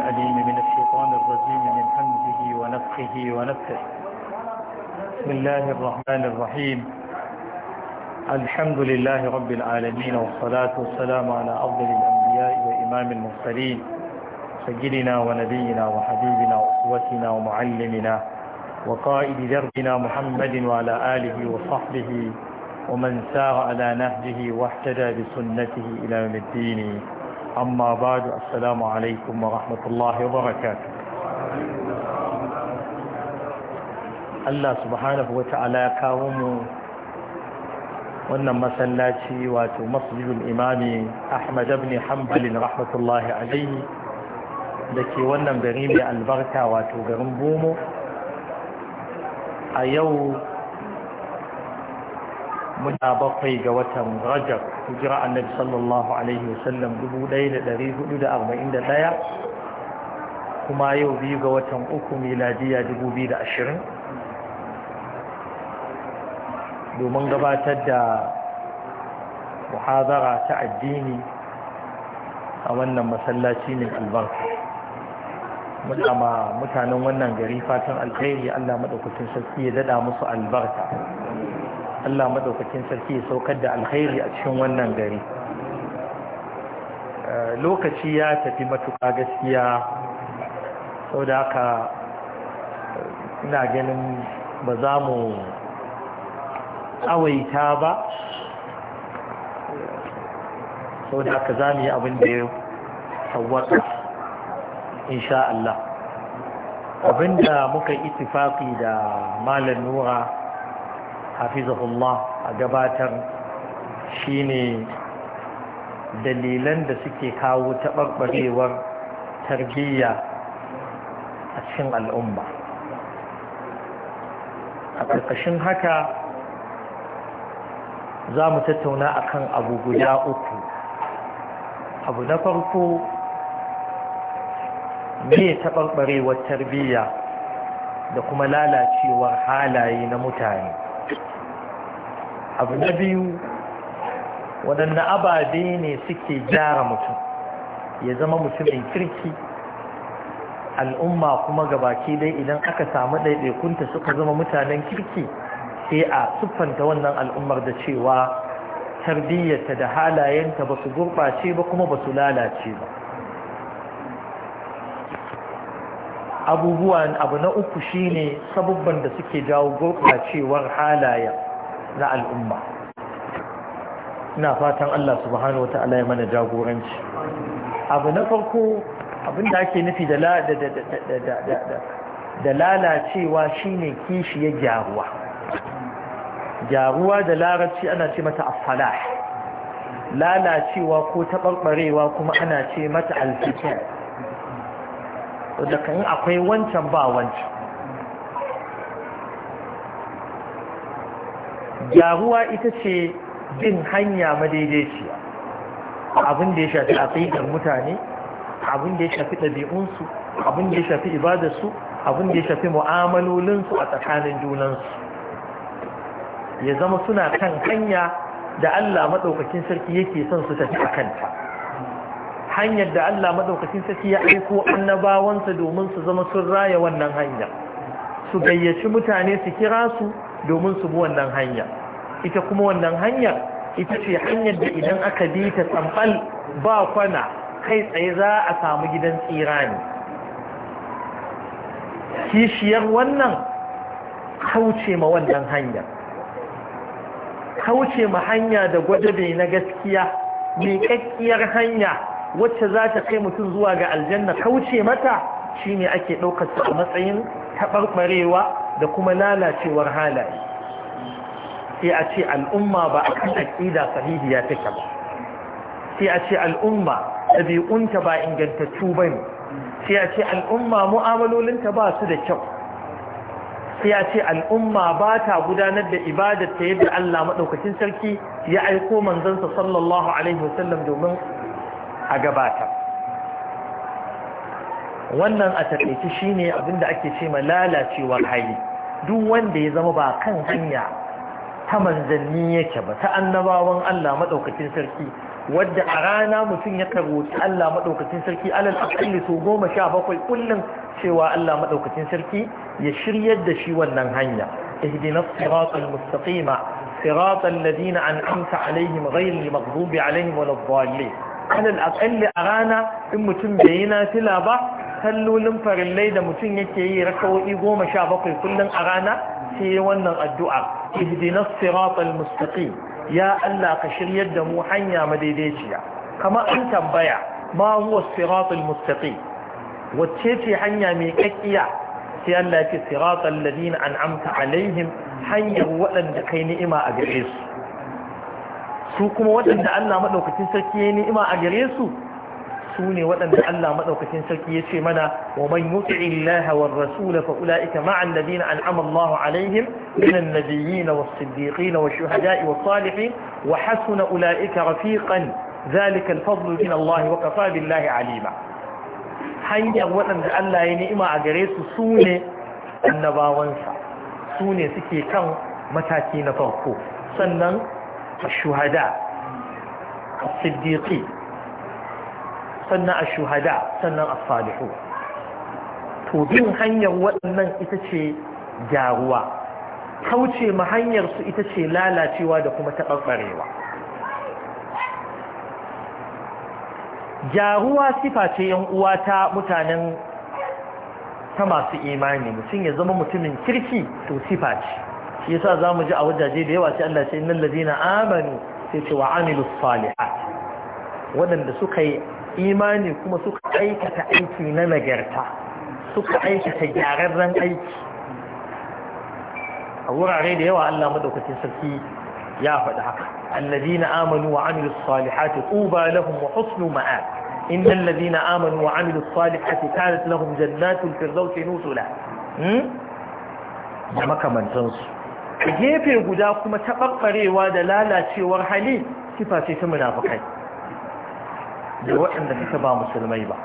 الأليم من الشيطان الرجيم من حمزه ونفخه ونفخه بسم الله الرحمن الرحيم الحمد لله رب العالمين والصلاة والسلام على أفضل الأنبياء وإمام المرسلين سيدنا ونبينا وحبيبنا وأسوتنا ومعلمنا وقائد دربنا محمد وعلى آله وصحبه ومن سار على نهجه واحتدى بسنته إلى يوم الدين أما بعد السلام عليكم ورحمة الله وبركاته Allah subhanahu wa ta'ala kawo mu wannan masallaci wato masjidul imami Ahmad ibn Hanbal rahmatullahi alaihi ke wannan gari mai albarka wato garin Bomo a yau muna bakwai ga watan rajab hijira annabi sallallahu alaihi wasallam 1441 kuma yau biyu ga watan uku miladiya 2020 domin gabatar da muhazara ta addini a wannan masallaci ne albarka muna ma mutanen wannan gari fatan alkhairi Allah maɗaukacin saki ya dada musu albarka Allah madaukakin sarki ya saukar da alkhairi a cikin wannan gari eh, lokaci ya tafi matuƙa gaskiya sau da haka eh, ina ganin ba za mu tsawaita ba sau da haka za mu yi abin da ya sawwaka insha Allah abinda muka itifafi da malar nura hafizahullah a gabatar shine dalilan da suke kawo taɓarɓarewar tarbiyya a cikin al'umma a ƙarƙashin haka za mu tattauna akan abu guda uku abu na farko ne taɓarɓarewar tarbiyya da kuma lalacewar halaye na mutane abu na biyu waɗanda ababe ne suke gyara mutum ya zama mutumin kirki al'umma kuma gabaki dai idan aka samu ɗaiɗaikunta suka zama mutanen kirki sai a siffanta wannan al'ummar da cewa tarbiyyarta da halayenta ba su gurɓace ba kuma ba su lalace ba abubuwan abu na uku shine sabubban da suke jawo gurɓacewar halayen na al'umma ina fatan Allah subhanahu wata'ala ya mana jagoranci abu na farko abinda ake nufi da da lalacewa shine kishi ya gyaruwa gyaruwa da larabci ana ce mata as lalacewa ko taɓarɓarewa kuma ana ce mata al da kan akwai wancan ba wancan gyaruwa ita ce bin hanya madaidaiciya abin da ya shafi aƙidar mutane abin da ya shafi ɗabi'unsu abin da ya shafi ibadarsu abin da ya shafi mu'amalolinsu a tsakanin junansu ya zama suna kan hanya da Allah maɗaukakin sarki yake son su tafi a kanta hanyar da Allah maɗaukacin sarki ya aiko annabawansa domin su zama sun raya wannan hanya su gayyaci mutane su kira su domin su bi wannan hanya ita kuma wannan hanyar ita ce hanyar da idan aka bi ta tsambal ba kwana kai tsaye za a samu gidan tsira ne kishiyar wannan kauce ma wannan hanyar kauce ma hanya da gwadabe na gaskiya mai kakkiyar hanya wacce za ta kai mutum zuwa ga aljanna kauce mata shine ake ɗaukar a matsayin taɓarɓarewa da kuma lalacewar halaye sai a ce al'umma ba a kan aƙida ya take ba sai a ce al'umma ɗabi'unta ba ingantattu ba ne sai a ce al'umma mu'amalolinta ba su da kyau sai a ce al'umma ba ta gudanar da ibadar ta yadda Allah maɗaukacin sarki ya aiko manzansa sallallahu alaihi wasallam domin a gabata wannan a shi shine abinda ake ce ma lalacewar hali duk wanda ya zama ba kan hanya ta manzanni yake ba ta annabawan Allah maɗaukacin sarki wadda a rana mutum ya karoci Allah maɗaukacin sarki alal akalli su goma sha bakwai kullum cewa Allah maɗaukacin sarki ya shiryar da shi wannan hanya ihdina siratal mustaqima siratal ladina an'amta alaihim ghayril maghdubi alaihim waladdallin alal akalli a rana in mutum bai yi nafila ba sallolin farillai da mutum yake yi rakawo'i goma sha bakwai kullum a rana sai wannan addu'a ihdinas siratal mustaqim ya Allah ka shiryar da mu hanya madaidaiciya kama an tambaya ma huwa siratal mustaqim wacce ce hanya mai kakkiya sai Allah ce siratal ladina an'amta alaihim hanyar waɗanda kai ni'ima a gare su su kuma waɗanda Allah madaukakin sarki ya ni'ima a gare su su ne waɗanda Allah maɗaukacin sarki ya ce mana wa man yuti illaha war rasul fa ulaika ma'a alladhina an'ama Allahu alaihim min an-nabiyyin was-siddiqin wash-shuhada'i was-salihin wa hasuna ulaika rafiqan dhalika al-fadlu min Allah wa kafa billahi alima hanyar waɗanda Allah ya ni'ima a gare su su ne annabawansa su ne suke kan mataki na farko sannan shuhada as sannan a shuhada sannan a salihu to bin hanyar waɗannan ita ce gyaruwa kauce ma hanyar su ita ce lalacewa da kuma taɓarɓarewa gyaruwa sifa ce yan uwa ta mutanen ta masu imani mutum ya zama mutumin kirki to sifa ce shi yasa za mu ji a wajaje da yawa sai Allah ce innal ladina amanu sai ce wa amilus salihat waɗanda suka yi imani kuma suka aikata aiki na nagarta suka aikata gyararren aiki a wurare da yawa Allah madaukakin sarki ya faɗi haka allazina amanu wa amilus salihati tuba lahum wa husnu ma'ad innal ladina amanu wa amilus salihati kanat lahum jannatul firdausi nuzula hmm? da makamantansu a gefe guda kuma taɓarɓarewa da lalacewar hali sifa ce ta munafukai da waɗanda suka ba musulmai ba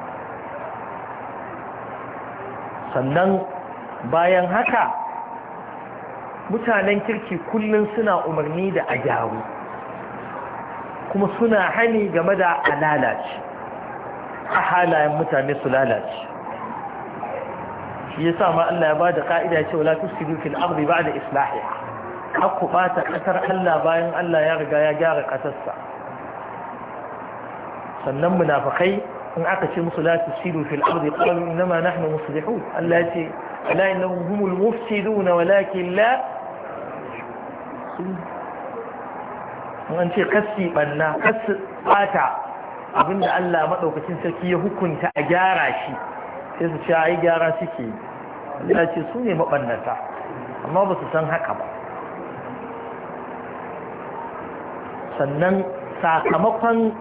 sannan bayan haka mutanen kirki kullum suna umarni da a kuma suna hani game da a lalace a halayen mutane su lalace shi ya sa ma Allah ya ba da ka'ida ce wala tusiru ba da ba'da islahiha ba ta ƙasar Allah bayan Allah ya riga ya gyara ƙasarsa. sannan munafakai in aka ce musu la tusidu fil ardi qalu inma nahnu muslihun Allah ya ce ala innahum humul mufsiduna walakin la an ce kassi banna kassi bata abinda Allah madaukakin sarki ya hukunta a gyara shi sai su ce ai gyara suke Allah ce su ne mabannata amma ba su san haka ba sannan sakamakon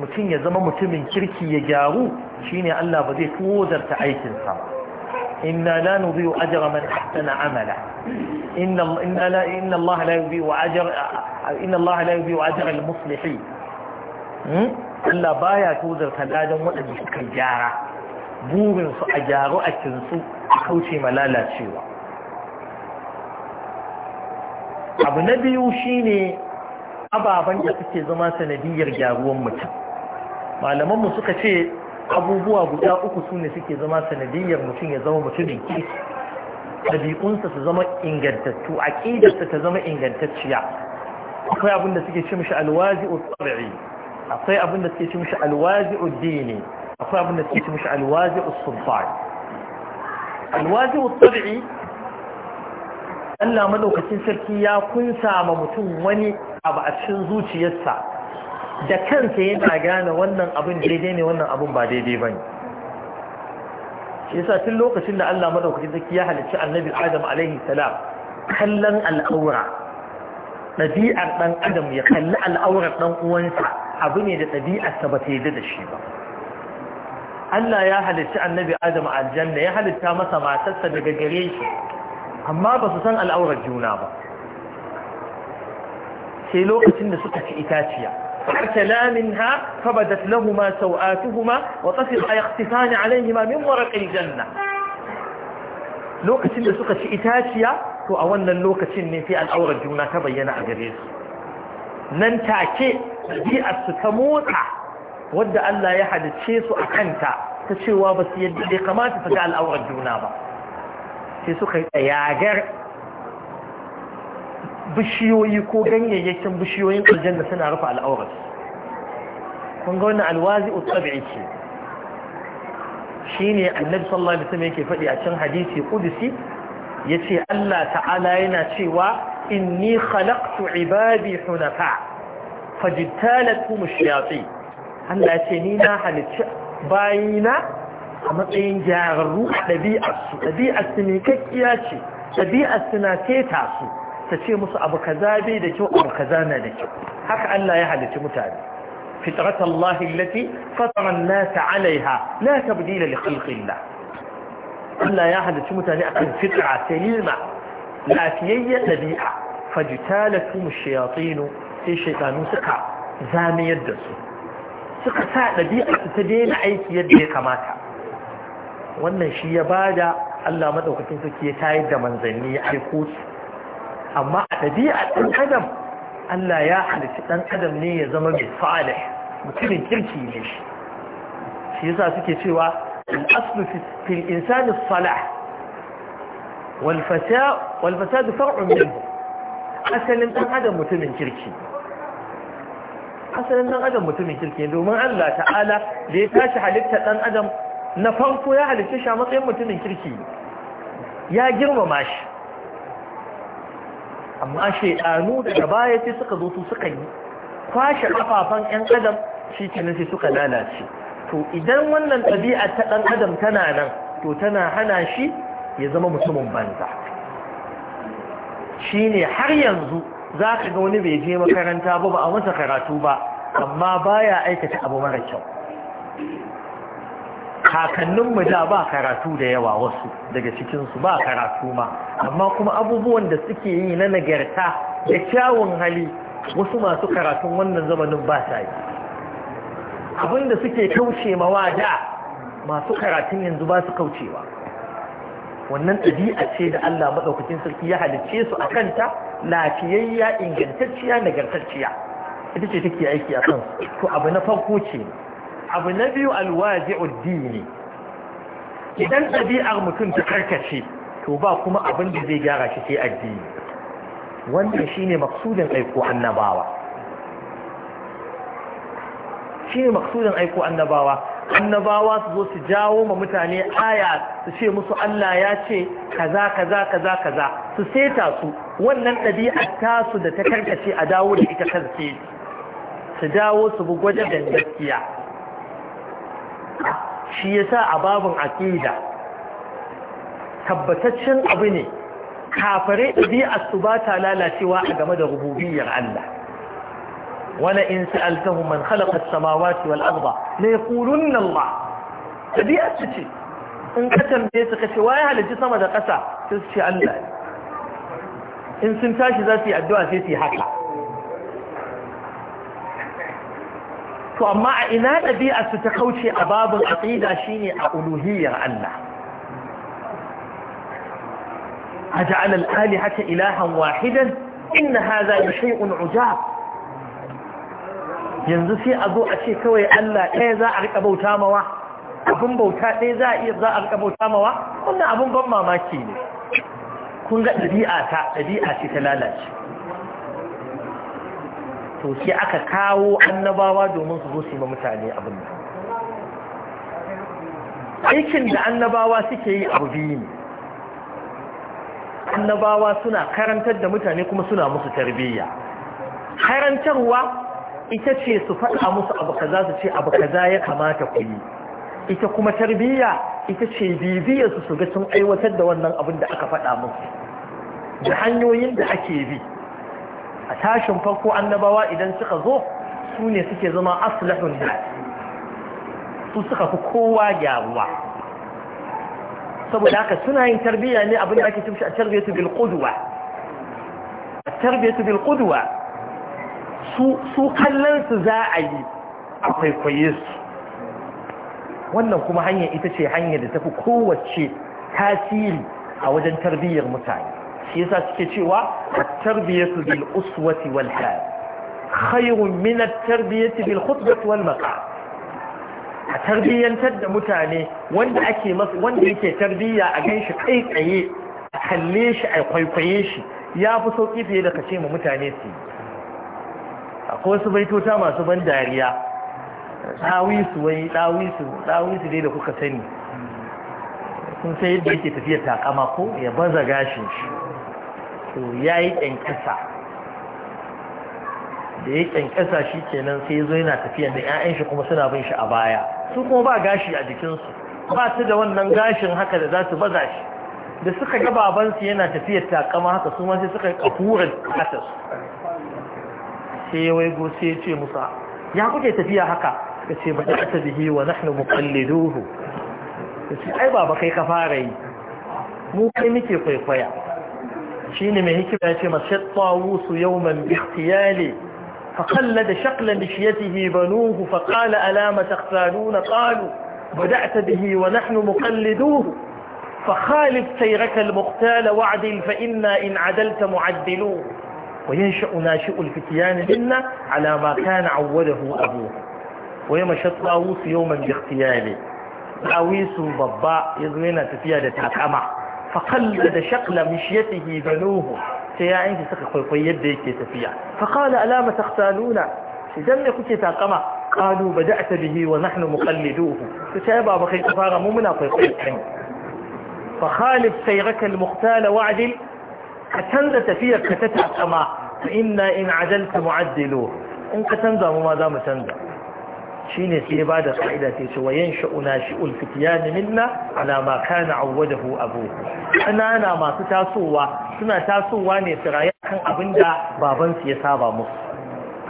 mutum ya zama mutumin kirki ya gyaru shine Allah ba zai tozarta aikinsa ba inna la nudhi'u ajra man ahsana amala inna inna la inna Allah la yudhi'u ajra inna Allah al-muslihin hmm? Allah baya tozarta ladan waɗanda suka gyara burin su a gyaru a kinsu a kauce ma lalacewa abu na biyu shine ababen da suke zama sanadiyar gyaruwan mutum malamanmu suka ce abubuwa guda uku su ne suke zama sanadiyyar mutum ya zama mutumin ki? ɗabi'unsa su zama ingantattu a aƙidarsa ta zama ingantacciya akwai abin da suke ce mishi alwazi utsari akwai abin da suke ce mishi alwazi uddini akwai abin da suke ce mishi alwazi usulfai alwazi utsari Allah madaukakin sarki ya kunsa ma mutum wani abu a cikin zuciyarsa da kansa yana gane wannan abin daidai ne wannan abin ba daidai ba ne shi yasa tun lokacin da Allah madaukakin zaki ya halicci annabi Adam alaihi salam kallon al'aura ɗabi'ar ɗan adam ya kalli al'aurar ɗan uwansa abu ne da ɗabi'arsa ba ta yi da shi ba Allah ya halicci annabi Adam aljanna ya halitta masa matarsa daga gare shi amma ba su san al'aurar juna ba sai lokacin da suka ci itaciya فأكلا منها فبدت لهما سوآتهما وطفقا يختفان عليهما من ورق الجنة لوكة لسوكة إتاشية وأولا لوكة في الأورى الجنة تبين أجريس ننتاكي بيئة ستموتة ودى ألا يحد تشيس أكنتا تشيوا بس يدي قمات فجاء الأورى الجنة با تشيسوكة ياجر bishiyoyi ko ganyayyakin bishiyoyin aljanna suna rufe al'aurat kun ga wannan alwazi utabi'i ce shine annabi sallallahu alaihi wasallam yake faɗi a cikin hadisi qudsi yace Allah ta'ala yana cewa inni khalaqtu ibadi hunafa fajtalatum ash-shayatin Allah yace ni na halicci bayina a matsayin jararru a ɗabi'arsu ɗabi'arsu ne kakkiya ce ɗabi'arsu na keta su ta ce musu abu kaza bai da kyau abu kaza na da kyau haka Allah ya halicci mutane fitrat Allah allati fatara an-nas la tabdila li khalqillah Allah ya halicci mutane akan fitra salima lafiyayyar dabi'a fajtalatum ash-shayatin sai shaytanu suka zamiyar da su suka sa dabi'a su ta daina aiki yadda ya kamata wannan shi ya bada Allah madaukakin sarki ya tayar da manzanni ya kotu amma a ɗabi'a ɗan adam Allah ya halitta ɗan adam ne ya zama mai salih mutumin kirki ne shi yasa suke cewa al-aslu fil insani salah wal fasa wal far'un minhu asalin ɗan adam mutumin kirki asalin ɗan adam mutumin kirki domin Allah ta'ala da ya tashi halitta ɗan adam na farko ya halitta shi a matsayin mutumin kirki ya girmama shi amma shaidanu daga baya sai suka zo su suka yi kwashe kafafan yan adam shi kenan sai suka lalace to idan wannan ɗabi'a ta ɗan adam tana nan to tana hana shi ya zama mutumin banza ne har yanzu za ka ga wani bai je makaranta ba ba a masa karatu ba amma baya aikata abu mara kyau kakannin mu da ba karatu da yawa wasu daga cikin su ba karatu ma amma kuma abubuwan da suke yi na nagarta da kyawun hali wasu masu karatun wannan zamanin ba sa yi da suke kauce mawa da masu karatun yanzu ba su kaucewa wannan ɗabi'a ce da Allah maɗaukacin sarki ya halicce su a kanta lafiyayya ingantacciya nagartacciya ita ce take aiki a kan to abu na farko ce abu na biyu alwazi'ud ne, idan ɗabi'ar mutum ta karkace to ba kuma abin da zai gyara shi sai addini wannan shine maksudin aiko annabawa maksudin aiko annabawa annabawa su zo su jawo ma mutane aya su ce musu Allah ya ce kaza kaza kaza kaza su seta su wannan ɗabi'a tasu da ta karkace a dawo da ita karkace su dawo su bi da gaskiya shi ya sa a babin aƙida. tabbataccen abu ne kafare ɗabi'ar su ba ta lalacewa a game da rububiyar Allah Wani in sa'altahu man khalaqa as-samawati wal arda la yaqulunna Allah ɗabi'ar su ce in ka tambaye su kace waye halarci sama da ƙasa sai su ce Allah in sun tashi za su yi addu'a sai su yi haka to amma a ina ɗabi'a su ta kauce a babin aqida shine a uluhiyyar Allah أجعل الآلهة إلها واحدا إن هذا لشيء عجاب yanzu sai a zo a ce kawai Allah ɗaya za a riƙa bauta mawa abin bauta ɗaya za a iya za a riƙa bauta mawa wannan abin ban mamaki ne kun ga ɗabi'a ta ɗabi'a ce ta lalace to aka kawo annabawa domin su zo su ma mutane abin aikin da annabawa suke yi abu biyu ne annabawa suna karantar da mutane kuma suna musu tarbiyya karantarwa ita ce su faɗa musu abu kaza su ce abu kaza ya kamata ku yi ita kuma tarbiyya ita ce bibiyar su su ga sun aiwatar da wannan abin da aka faɗa musu da hanyoyin da ake bi a tashin farko annabawa idan suka zo su ne suke zama aslahun da su suka fi kowa gyaruwa saboda haka suna yin tarbiyya ne abin da ake cimshi a tarbiyyatu bil qudwa tarbiyyatu bil qudwa su su kallon su za a yi a kwaikwaye su wannan kuma hanyar ita ce hanyar da tafi kowace tasiri a wajen tarbiyyar mutane shi yasa suke cewa at-tarbiyatu bil uswati wal hal khayrun min at-tarbiyati bil khutbati wal maqam a tarbiyyantar da mutane wanda ake masa wanda yake tarbiyya a ganshi kai tsaye a kalle shi a kwaikwaye shi ya fi sauki fiye da kace ma mutane su akwai wasu baitota masu ban dariya su wai dawisu su dai da kuka sani sun sai yadda yake tafiya takama ko ya baza gashin shi to ya yi ƙyanƙasa da ya ƙyanƙasa shi kenan sai zo yana tafiya da 'ya'yan shi kuma suna bin shi a baya su kuma ba gashi a jikinsu ba su da wannan gashin haka da za su baza shi da suka ga babansu yana tafiyar takama haka su sai suka yi ƙafuran kasar sai ya waigo sai ya ce musa ya kuke tafiya haka ka ce ba da ta bihi wa nahnu muqalliduhu ka ai baba kai ka fara yi mu kai muke kwaikwaya shine هيك hikima yace mashattawusu طاووس يوما ikhtiyali فقلد شقل مشيته بنوه فقال ألا ما تختالون قالوا بدأت به ونحن مقلدوه فخالف سيرك المختال وعدل فإنا إن عدلت معدلوه وينشأ ناشئ الفتيان منا على ما كان عوده أبوه ويمشى الطاووس يوما باختياله طاويس بباء يظننا تفيا تتعمع فقلد شقل مشيته بنوه سيعين تسقى القيد يديك تفيع فقال ألا ما تختالون إذن كنت تاقما قالوا بدأت به ونحن مقلدوه فتابع بخي كفارة ممنا قيقي فخالف سيرك المختال وعدل كتنز تفيع كتتعقما فإنا إن عدلت معدلوه إن كتنزه وما دام تنزه ne sai ba da ka'ida sai ce wayan sha'una shi'ul fitiyan minna ala ma kana awwadahu abu kanana masu tasowa suna tasowa ne su rayu kan abinda baban su ya saba musu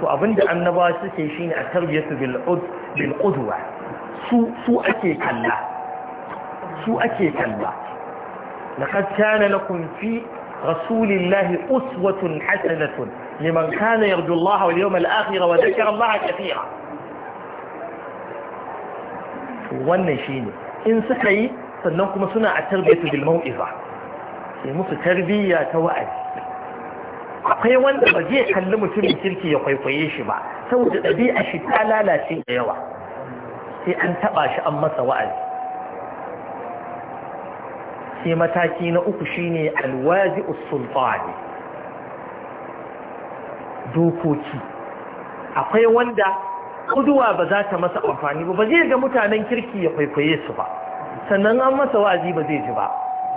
to abinda annaba suke ne a tarbiyatu bil ud su ake kalla su ake kalla laqad kana lakum fi رسول الله أسوة حسنة kana كان يرجو الله واليوم الآخر وذكر الله كثيرا wannan shine in suka yi sannan kuma suna a tarbiyatu bil mau'iza sai musu tarbiyya ta wa'azi akwai wanda ba zai kalli mutumin kirki ya kwaikwaye shi ba saboda ɗabi'a shi ta lalace da yawa sai an taɓa shi an masa wa'azi sai mataki na uku shine alwazi usulfani dokoki akwai wanda kuduwa ba za ta masa amfani ba ba zai ga mutanen kirki ya kwaikwaye su ba sannan an masa wa'azi ba zai ji ba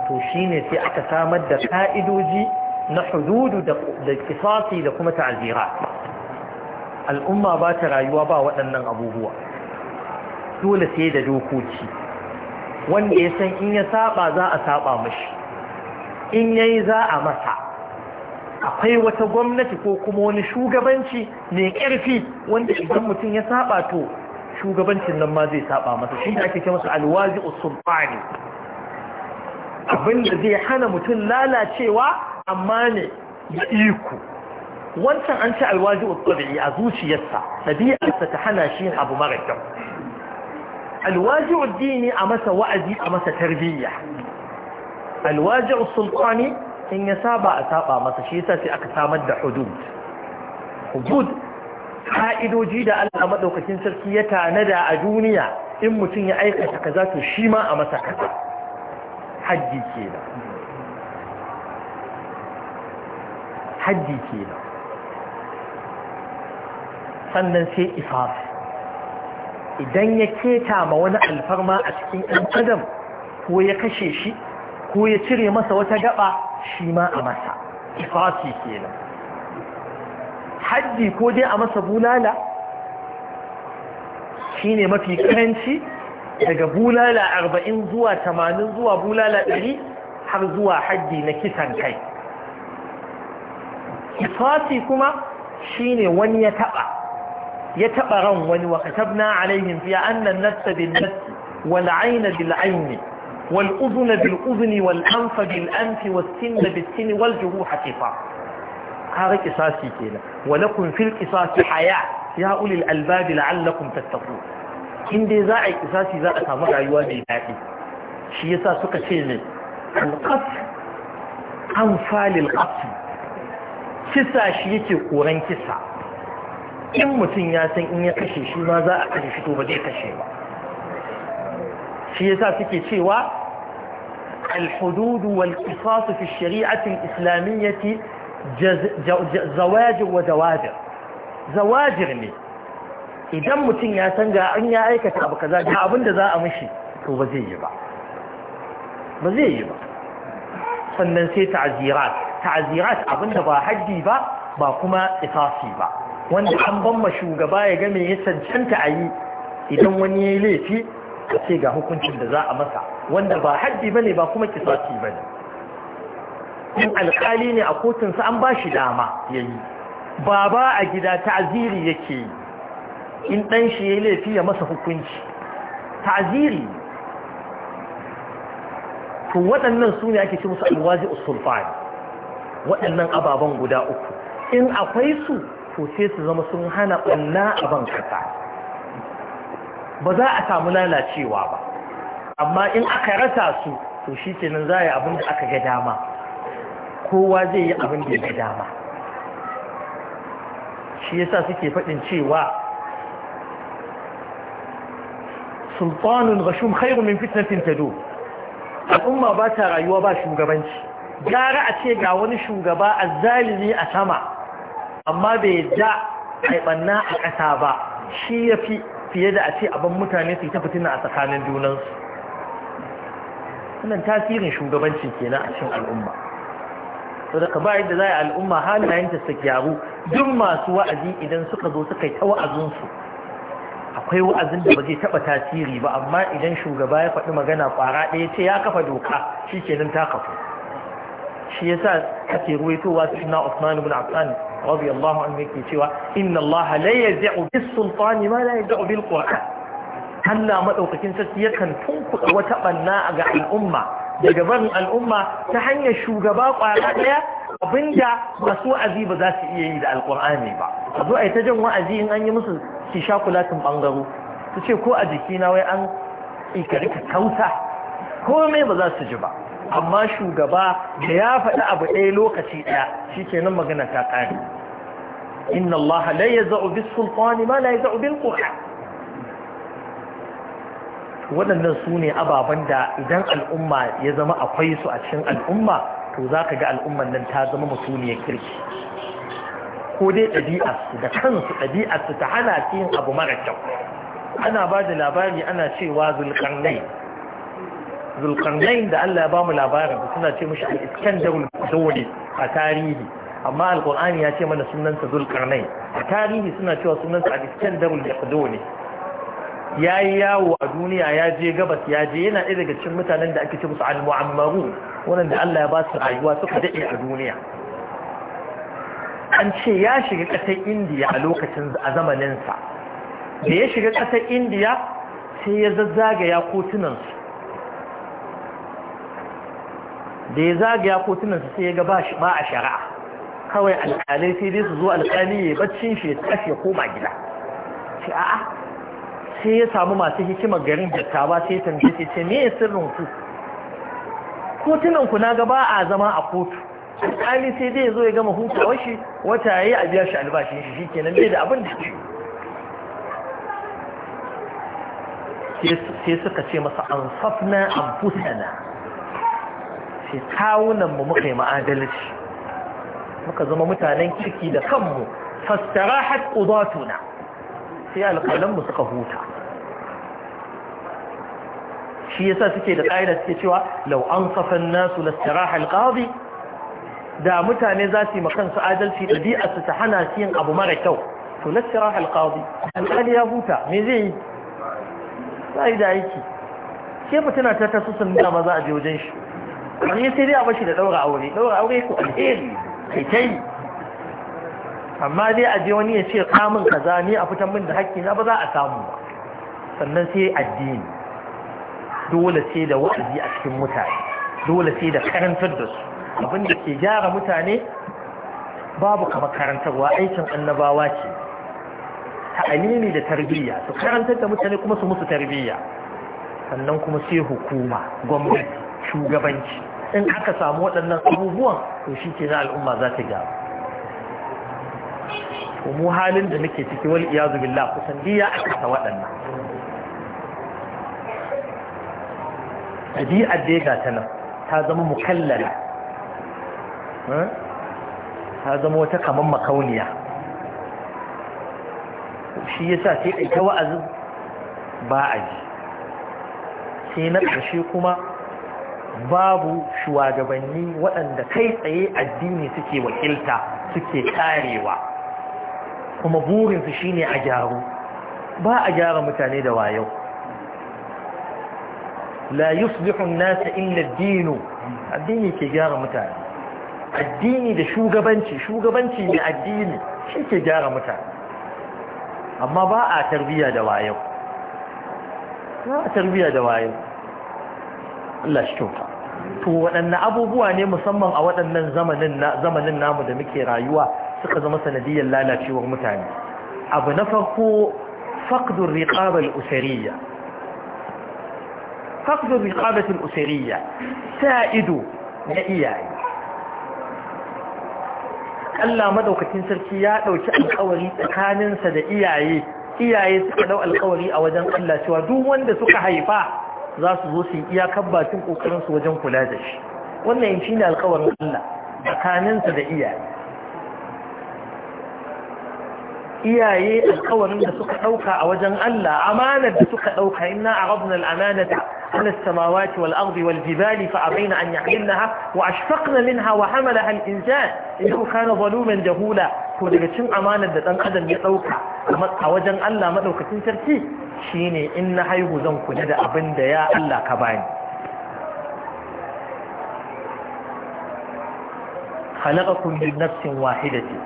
to shine sai aka samar da ka'idoji na hududu da kisasi da kuma ta'azira al'umma ba ta rayuwa ba waɗannan abubuwa dole sai da dokoki wanda ya san in ya saba za a saba mashi in yayi za a masa akwai wata gwamnati ko kuma wani shugabanci mai ƙarfi wanda idan mutum ya saba to shugabancin nan ma zai saba masa shi ake ce masa alwazi usulfani abinda zai hana mutum lalacewa amma ne da iko wancan an ci alwazi usulfani a zuciyarsa ɗabi'arsa ta hana shi abu mara kyau alwazi uddini a masa wa'azi a masa tarbiyya alwazi usulfani in ya saba a saba masa shi yasa sai aka samar da hudud hudud ka'idoji da Allah madaukakin sarki ya tanada a duniya in mutum ya aikata kaza to shi ma a masa kaza haji kenan haji kenan sannan sai ifaf idan ya keta ma wani alfarma a cikin ɗan adam ko ya kashe shi ko ya cire masa wata gaba shi ma a masa ifasi kenan hajji ko dai a masa bulala shine mafi karanci daga bulala arba'in zuwa tamanin zuwa bulala ɗari har zuwa hajji na kisan kai ifafi kuma shine wani ya taɓa ya taɓa ran wani wa katabna alaihim fiya annan nasta bin wal aina bil aini والأذن بالأذن والأنف بالأنف والسن بالسن والجروح قصاص هذا قصاصي كده ولكم في القصاص حياة يا أولي الألباب لعلكم تتقون إن دي زاعي قصاصي زاعي سامر عيواني هاتي شيء ساسوك شيء القصر أنفال القصر كسا shi yake koran kisa in mutum ya san in ya kashe shi ma za a شي shi to ba zai kashe الحدود والقصاص في الشريعة الإسلامية زواجر وزواجر زواجر ne idan mutum ya san ga ya aikata abu kaza ga abin da za a to ba zai yi ba ba zai yi ba sannan sai ta'zirat ta'zirat ba haddi ba ba kuma isasi ba wanda an ban shugaba ya ga me ya cancanta a yi idan wani ya yi laifi a ce ga hukuncin da za a masa wanda ba haddi ne ba kuma kisasi bane in alkali ne a kotunsa an ba shi dama yayi baba a gida ta'ziri yake yi in ɗan shi ya laifi ya masa hukunci ta'ziri to waɗannan su ne ake ce musu alwazi usulfan waɗannan ababen guda uku in akwai su to sai su zama sun hana ɓanna a ban kasa ba za a samu lalacewa ba amma in aka rasa su to shi nan za a yi abin da aka ga dama kowa zai yi abin da ya ga dama shi yasa suke faɗin cewa sultanun rashum khairu min fitnatin tado al'umma ba ta rayuwa ba shugabanci gara a ce ga wani shugaba a zalimi a sama amma bai da aibanna a ƙasa ba shi ya fi fiye da a ce abin mutane su yi ta fitina a tsakanin junansu wannan tasirin shugabanci kenan a cikin al'umma to da ka ba yadda za a al'umma halayen ta su gyaru duk masu wa'azi idan suka zo suka yi ta wa'azinsu akwai wa'azin da ba zai taɓa tasiri ba amma idan shugaba ya faɗi magana ƙwara ɗaya ce ya kafa doka shi kenan ta kafu shi yasa ake ruwaitowa su na Usman ibn Affan radiyallahu anhu yake cewa inna Allah la yazi'u bis sultani ma la yazi'u bil qur'an Allah madaukakin sarki yakan tunkuɗa wata banna ga al'umma daga barin al'umma ta hanyar shugaba kwara daya abinda masu wa'azi ba za su iya yi da alkur'ani ba a a yi ta jan wa'azi in an yi musu ki sha kulatin bangaro su ce ko a jikina wai an ikari ka kauta komai ba za su ji ba amma shugaba da ya faɗi abu ɗaya lokaci ɗaya shi ke nan magana ta ƙari inna Allah la ya za'u bis sultani ma la ya za'u bil waɗannan su ne ababen da idan al'umma ya zama akwai su a cikin al'umma to za ka ga al'umman nan ta zama mutuniyar kirki ko dai ɗabi'arsu da kansu ɗabi'arsu ta hana su yin abu mara kyau ana ba da labari ana cewa zulkarnai zulkarnain da Allah ya ba mu labarin suna ce mushi al-iskandarul dawli a tarihi amma alqur'ani ya ce mana sunansa zulkarnain a tarihi suna cewa sunansa al-iskandarul dole ya yi yawo a duniya ya je gabas ya je yana ɗaya daga cikin mutanen da ake ce musu al-mu'ammaru wanda Allah ya ba su rayuwa suka daɗe a duniya an ce ya shiga ƙasar indiya a lokacin a zamaninsa da ya shiga ƙasar indiya sai ya zazzagaya kotunansu da ya zagaya su sai ya ga ba a shari'a kawai alƙalai sai dai su zo alƙali ya baccin shi ya tashi ya koma gida shi a'a sai ya samu masu hikimar garin dattawa sai ta nufi ce me ya sirrin ku Kotunanku na ga ba a zama a kotu alƙali sai dai ya zo ya gama hutawar shi wata yayi a biya shi albashin shi shikenan dai da abin da sai suka ce masa an fusana ce kawunanmu muka yi ma'adalci muka zama mutanen ciki da kanmu fastara haƙudatuna sai alƙalanmu suka huta shi yasa suke da ƙa'ida suke cewa lau an kafan nasu lastara halƙazi da mutane za su yi makansu adalci su ta hana su yin abu mara kyau to lastara halƙazi alƙali ya huta me zai yi za yi da aiki ke fitina ta tasu sun dama za a je shi wani sai dai a bashi da ɗaura aure ɗaura aure ko alheri kai kai amma dai a je wani ya ce kamun kaza ni a fitan min da hakki na ba za a samu ba sannan sai addini dole sai da wa'azi a cikin mutane dole sai da karantar da su abin da ke gyara mutane babu kama karantarwa aikin annabawa ce ta'alimi da tarbiyya su karantar da mutane kuma su musu tarbiyya sannan kuma sai hukuma gwamnati shugabanci in aka samu waɗannan abubuwan to shi ke na al'umma za ta gyaru mu halin da muke ciki wal iyazu billah kusan biya aka ta waɗannan ɗabi'ar da ya gata nan ta zama mukallala hmm? ta zama wata kamar makauniya shi ya sa sai ɗaita wa'azin ba a ji sai na ƙarshe kuma babu shugabanni waɗanda kai tsaye addini suke wakilta suke karewa kuma burinsu shine a gyaru ba a gyara mutane da wayo la yuslihu nasa illa Dino addini ke gyara mutane addini da shugabanci shugabanci ne addini shi ke gyara mutane amma ba a tarbiya da wayo ba a tarbiya da wayo Allah shi kyauta to waɗanne abubuwa ne musamman a waɗannan zamanin zamanin namu da muke rayuwa suka zama sanadiyyar lalacewar mutane abu na farko faqdur riqabal usariyya faqdur riqabatil usariyya na iyaye Allah madaukakin sarki ya dauki alƙawari tsakaninsa da iyaye iyaye suka dau alƙawari a wajen Allah cewa duk wanda suka haifa za su zo su yi iyakar bakin kokarin su wajen kula da shi wannan shi ne alkawarin Allah tsakaninsa da iyaye iyaye alkawarin da suka ɗauka a wajen Allah amanar da suka ɗauka inna a al al'amanata. ala as wal arzi wal jibali fa abaina an yahmilnaha wa ashfaqna minha wa hamalaha al-insan innahu kana zaluman jahula ko daga cin amanar da dan adam ya dauka a wajen Allah madaukakin sarki shine in na haihu zan kula da abin da ya Allah ka bani khalaqakum min nafsin wahidatin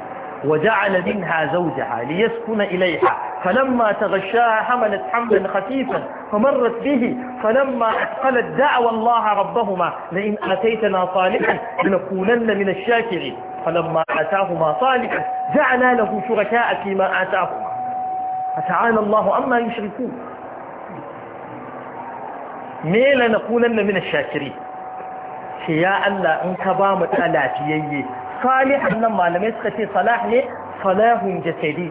وجعل منها زوجها ليسكن إليها فلما تغشاها حملت حملا خفيفا فمرت به فلما أثقلت دعوى الله ربهما لئن آتيتنا صالحا لنكونن من الشاكرين فلما آتاهما صالحا جعلا له شركاء فيما آتاهما فتعالى الله عما يشركون me la na kunan na mina shakiri ce ya Allah in ka ba mu ta lafiyayye salihan nan malamai suka ce salah ne salahun jasadi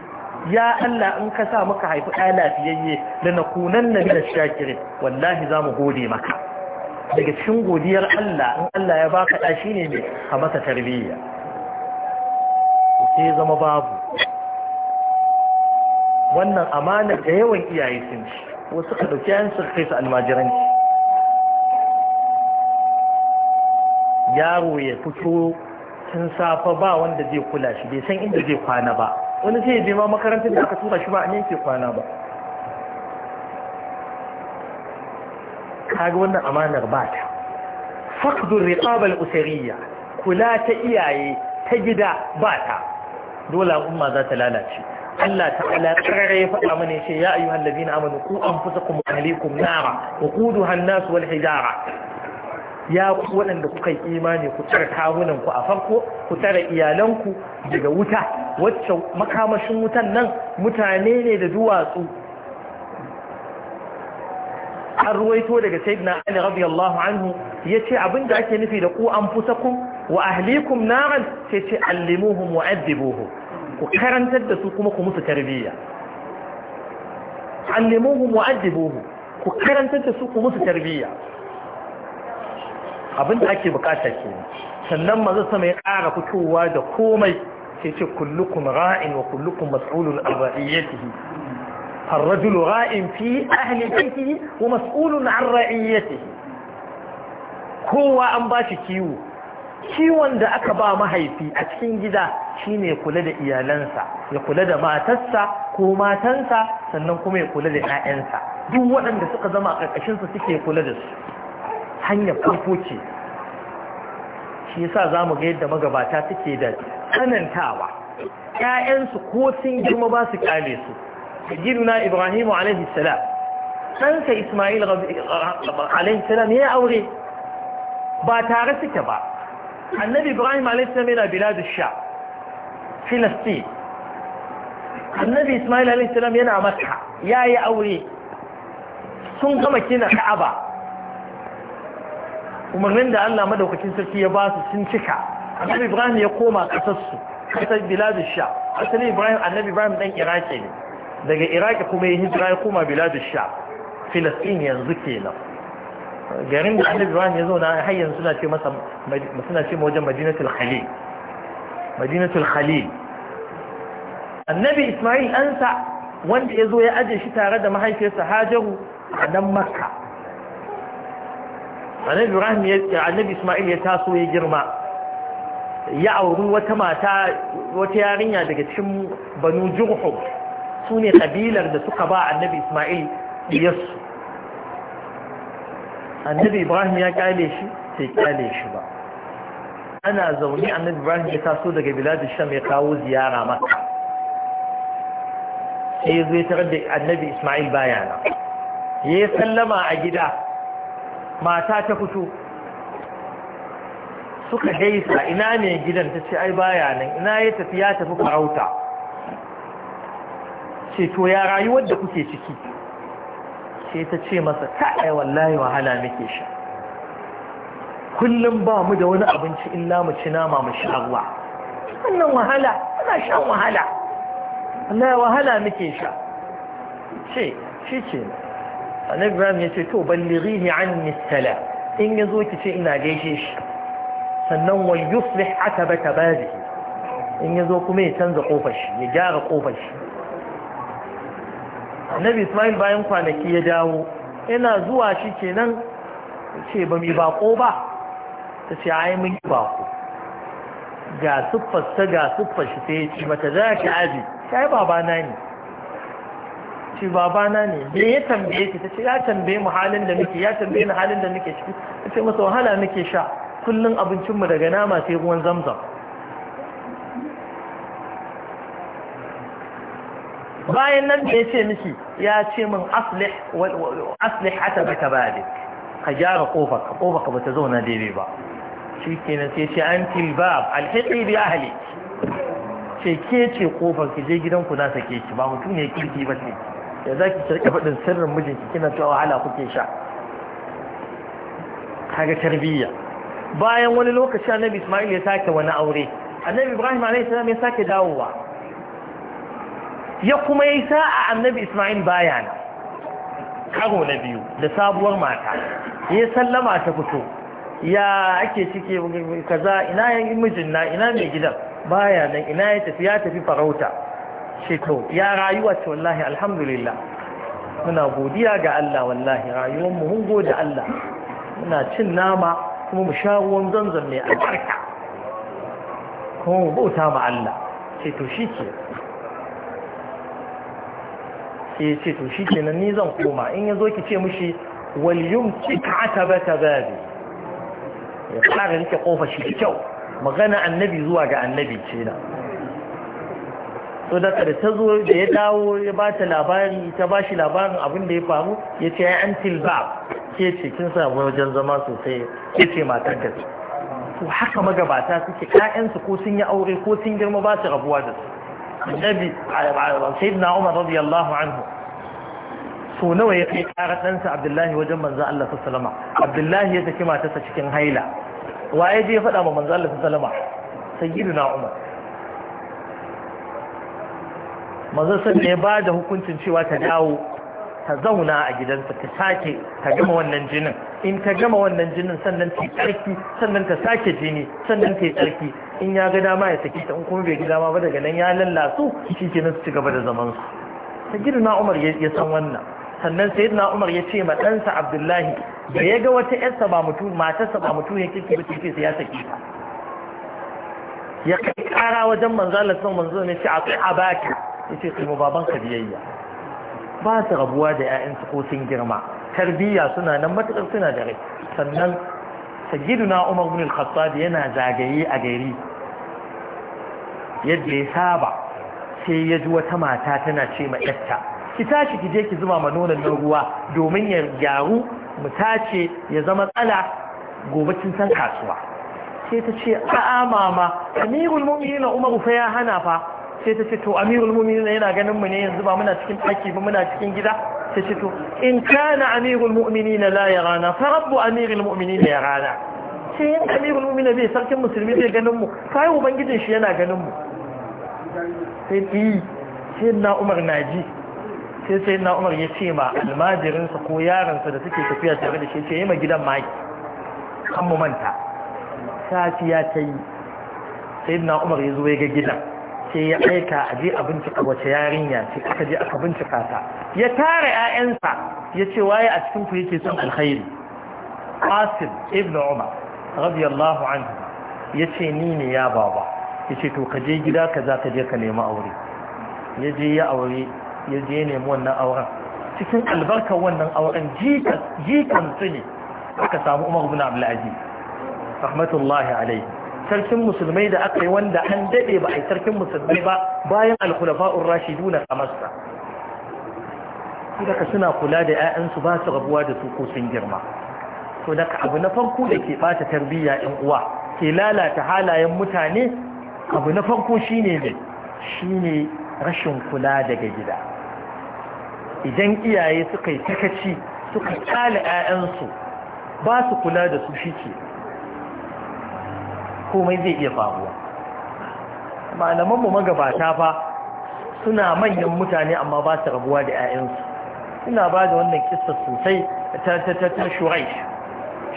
ya Allah in ka sa muka haifi ɗa lafiyayye da na kunan na mina shakiri wallahi za mu gode maka daga cikin godiyar Allah in Allah ya baka ɗa shine ne a masa tarbiyya sai zama babu wannan amana da yawan iyaye sun ci wasu ka ɗauki yayin su kai su almajiranci yaro ya fito tun safa ba wanda zai kula shi bai san inda zai kwana ba wani sai bai ma makarantar da aka tura shi ba a ne ke kwana ba kaga wannan amanar ba ta faqdur riqab al-usriyya kula ta iyaye ta gida ba ta dole umma za ta lalace Allah ta'ala karare ya faɗa mana yace ya ayyuhal ladina amanu ku anfusakum wa ahlikum nara wa quduha an-nas wal hijara ya ku waɗanda kuka yi imani ku tsare kawunan ku a farko ku tsare iyalanku daga wuta wacce makamashin wutan nan mutane ne da duwatsu an ruwaito daga sayyidina Ali radiyallahu anhu yace abinda ake nufi da ku anfusakum wa ahlikum naran sai ce allimuhum wa adibuhum ku karantar da su kuma ku musu tarbiyya allimuhum wa ku karantar da su ku musu tarbiyya abin da ake bukata ke sannan maza sama ya ƙara fitowa da komai sai ce kullukum ra'in wa kullukum mas'ulun an ra'iyatihi ar-rajulu ra'in fi ahli baitihi wa mas'ulun an ra'iyatihi kowa an ba kiwo Ciwon da aka ba mahaifi a cikin gida shi shine kula da iyalansa ya kula da matarsa ko matansa sannan kuma ya kula da 'ya'yansa duk waɗanda suka zama a ƙarƙashinsa suke kula da su hanyar farko ce shi yasa za mu ga yadda magabata suke da tsanantawa 'ya'yansu ko sun girma ba su ƙyale su giduna ibrahim alaihi salam ɗansa ismail alaihi salam ya aure ba tare suke ba annabi ibrahim alaihissalam yana biladu sha filistin annabi ismail alaihissalam yana maka ya yi aure sun gama kina ka'aba umarnin da allah madaukakin sarki ya ba su sun cika annabi ibrahim ya koma kasarsu kasar biladu sha asali ibrahim annabi ibrahim dan iraki ne daga iraki kuma ya hijira ya koma biladu sha filistin yanzu kenan garin da annabi ibrahim ya zauna har yanzu suna ce masa suna ce wajen madinatul khalil madinatul khalil annabi isma'il ansa wanda ya zo ya aje shi tare da mahaifiyarsa hajaru a nan makka annabi ibrahim ya annabi isma'il ya taso ya girma ya auri wata mata wata yarinya daga cikin banu jurhum su ne kabilar da suka ba annabi isma'il diyarsu annabi ibrahim ya kyale shi sai kyale shi ba ana zaune annabi ibrahim ya taso daga biladun sham ya kawo ziyara maka sai ya zo tarar da annabi ismail baya ya yi sallama a gida mata ta fito suka gaisa ina ne gidan ta ce ai baya ina ya tafi ya tafi farauta ce to ya rayuwar da kuke ciki sai ta ce masa kai wallahi wahala muke sha kullum ba mu da wani abinci illa mu ci nama mu sha ruwa wannan wahala ana shan wahala wallahi wahala muke sha ce shi ce annabi Ibrahim ya ce to ballighihi anni salam in yazo ki ce ina gaishe shi sannan wal yuslih akabata badi in yazo kuma ya canza kofar shi ya gyara kofar shi annabi ismail bayan kwanaki ya dawo yana zuwa shi kenan ce ba mai bako ba ta ce ai mun yi bako ga siffarsa ga siffar shi sai ya ce mata za ki aji kai yi babana ne ce babana ne me ya tambaye ki ta ce ya tambaye mu halin da muke ya tambaye ni halin da muke ciki ta ce masa wahala muke sha kullum abincinmu daga nama sai ruwan zamzam bayan nan da ya ce miki ya ce min aslih hata baka balik ka gyara ka kofa ka bata zauna daidai ba shi kenan sai ce an tilbab alhiƙi bi hali ce ke ce kofar ki je gidanku na sake ki ba mutum ne kirki ba ce ya za ki sarki faɗin sirrin mijinki kina cewa wahala kuke sha kaga tarbiyya bayan wani lokaci annabi ismail ya sake wani aure annabi ibrahim alaihi salam ya sake dawowa ya kuma yi sa'a annabi Ismail baya na karo na biyu da sabuwar mata ya sallama ta fito ya ake cike kaza ina yin imijin na ina mai gidan baya nan ina ya tafi ya tafi farauta sheto ya rayuwa ce wallahi alhamdulillah muna godiya ga Allah wallahi rayuwar mu hungo da Allah muna cin nama kuma mu sha ruwan zanzan mai albarka kuma mu bauta ma Allah ce to shi ke ya eh, ce to shi kenan ni zan koma in ya zo ki ce mishi Waliyun cikata ba ta zabi ya fara rike kofa shi kyau magana annabi zuwa ga annabi ce na so da ta zo da ya dawo ya ba ta labari ta ba shi labarin abin da ya faru ya ce ya antil ba ke ce kin samu wajen zama sosai ke ce matar da To haka magabata suke ƴaƴansu ko sun yi aure ko sun girma ba su rabuwa da su annabi sayyidina umar radiyallahu anhu so nawa ya kai karar ɗansa abdullahi wajen manzo Allah sallama abdullahi ya saki ta cikin haila wa ya je ya faɗa ma manzan Allah sallama sayyidina umar manzo sai ya ba da hukuncin cewa ta dawo ta zauna a gidansa ta sake ta gama wannan jinin in ta gama wannan jinin sannan ta tsarki sannan ta sake jini sannan ta tsarki in ya ga dama ya saki ta in kuma bai gida ma ba daga nan ya lallasu shi ke su ci gaba da zaman su ta girna umar ya san wannan sannan na umar ya ce ma ɗansa abdullahi da ya ga wata yarsa ba mutu matarsa ba mutu ya kike ba kike ya saki ta ya kai kara wajen manzo sun manzo ne ce a tsaya baki yace kai mu baban ka biyayya ba su rabuwa da 'ya'yansu ko sun girma tarbiyya suna nan matuƙar suna da rai sannan sajiduna umar bin da yana zagaye a gari yadda ya saba sai ya ji wata mata tana ce ma yarta ki tashi ki je ki zuma ma nonon na ruwa domin ya gyaru mu tace ya zama tsala gobacin san kasuwa sai ta ce a'a mama amirul mu'minin umar fa ya hana fa sai ta ce to amirul mu'minin yana ganin mu ne yanzu ba muna cikin ɗaki ba muna cikin gida ta ce to in kana amirul mu'minin la yarana fa rabbu amirul mu'minin yarana sai in amirul mu'minin bai sarkin musulmi zai ganin mu sai ubangijin shi yana ganin mu sai yi sai na umar naji sai sai na umar ya ce ma almajirinsa ko yaransa da suke tafiya tare da shi ce yi ma gidan maki kan mu manta safiya ta yi sai na umar ya zo ya ga gidan sai ya aika a je a bincika wace yarinya ce aka je aka bincika ta ya tara 'ya'yansa ya ce waye a cikin ku yake son alkhairi qasim ibn umar radiyallahu anhu ya ce ni ne ya baba ya ce to ka je gida ka za ka je ka nemi aure ya je ya aure ya je nemi wannan auren cikin albarkar wannan auren jikan su ne aka samu umar bin abdulaziz rahmatullahi alaihi sarkin musulmai da aka yi wanda an daɗe ba a yi sarkin musulmai ba bayan alkulafa'ur rashidu a kamarsa. daga suna kula da 'ya'yansu ba su rabuwa da su ko sun girma to daga abu na farko da ke bata tarbiyya 'yan uwa ke lalata halayen mutane abu na farko shine ne ne rashin kula daga gida idan iyaye suka yi takaci suka kyale 'ya'yansu ba su kula da su shi ke komai zai iya faruwa malamanmu magabata fa suna manyan mutane amma ba su rabuwa da ƴaƴansu. suna ba da wannan kissa sosai ta ta ta shurai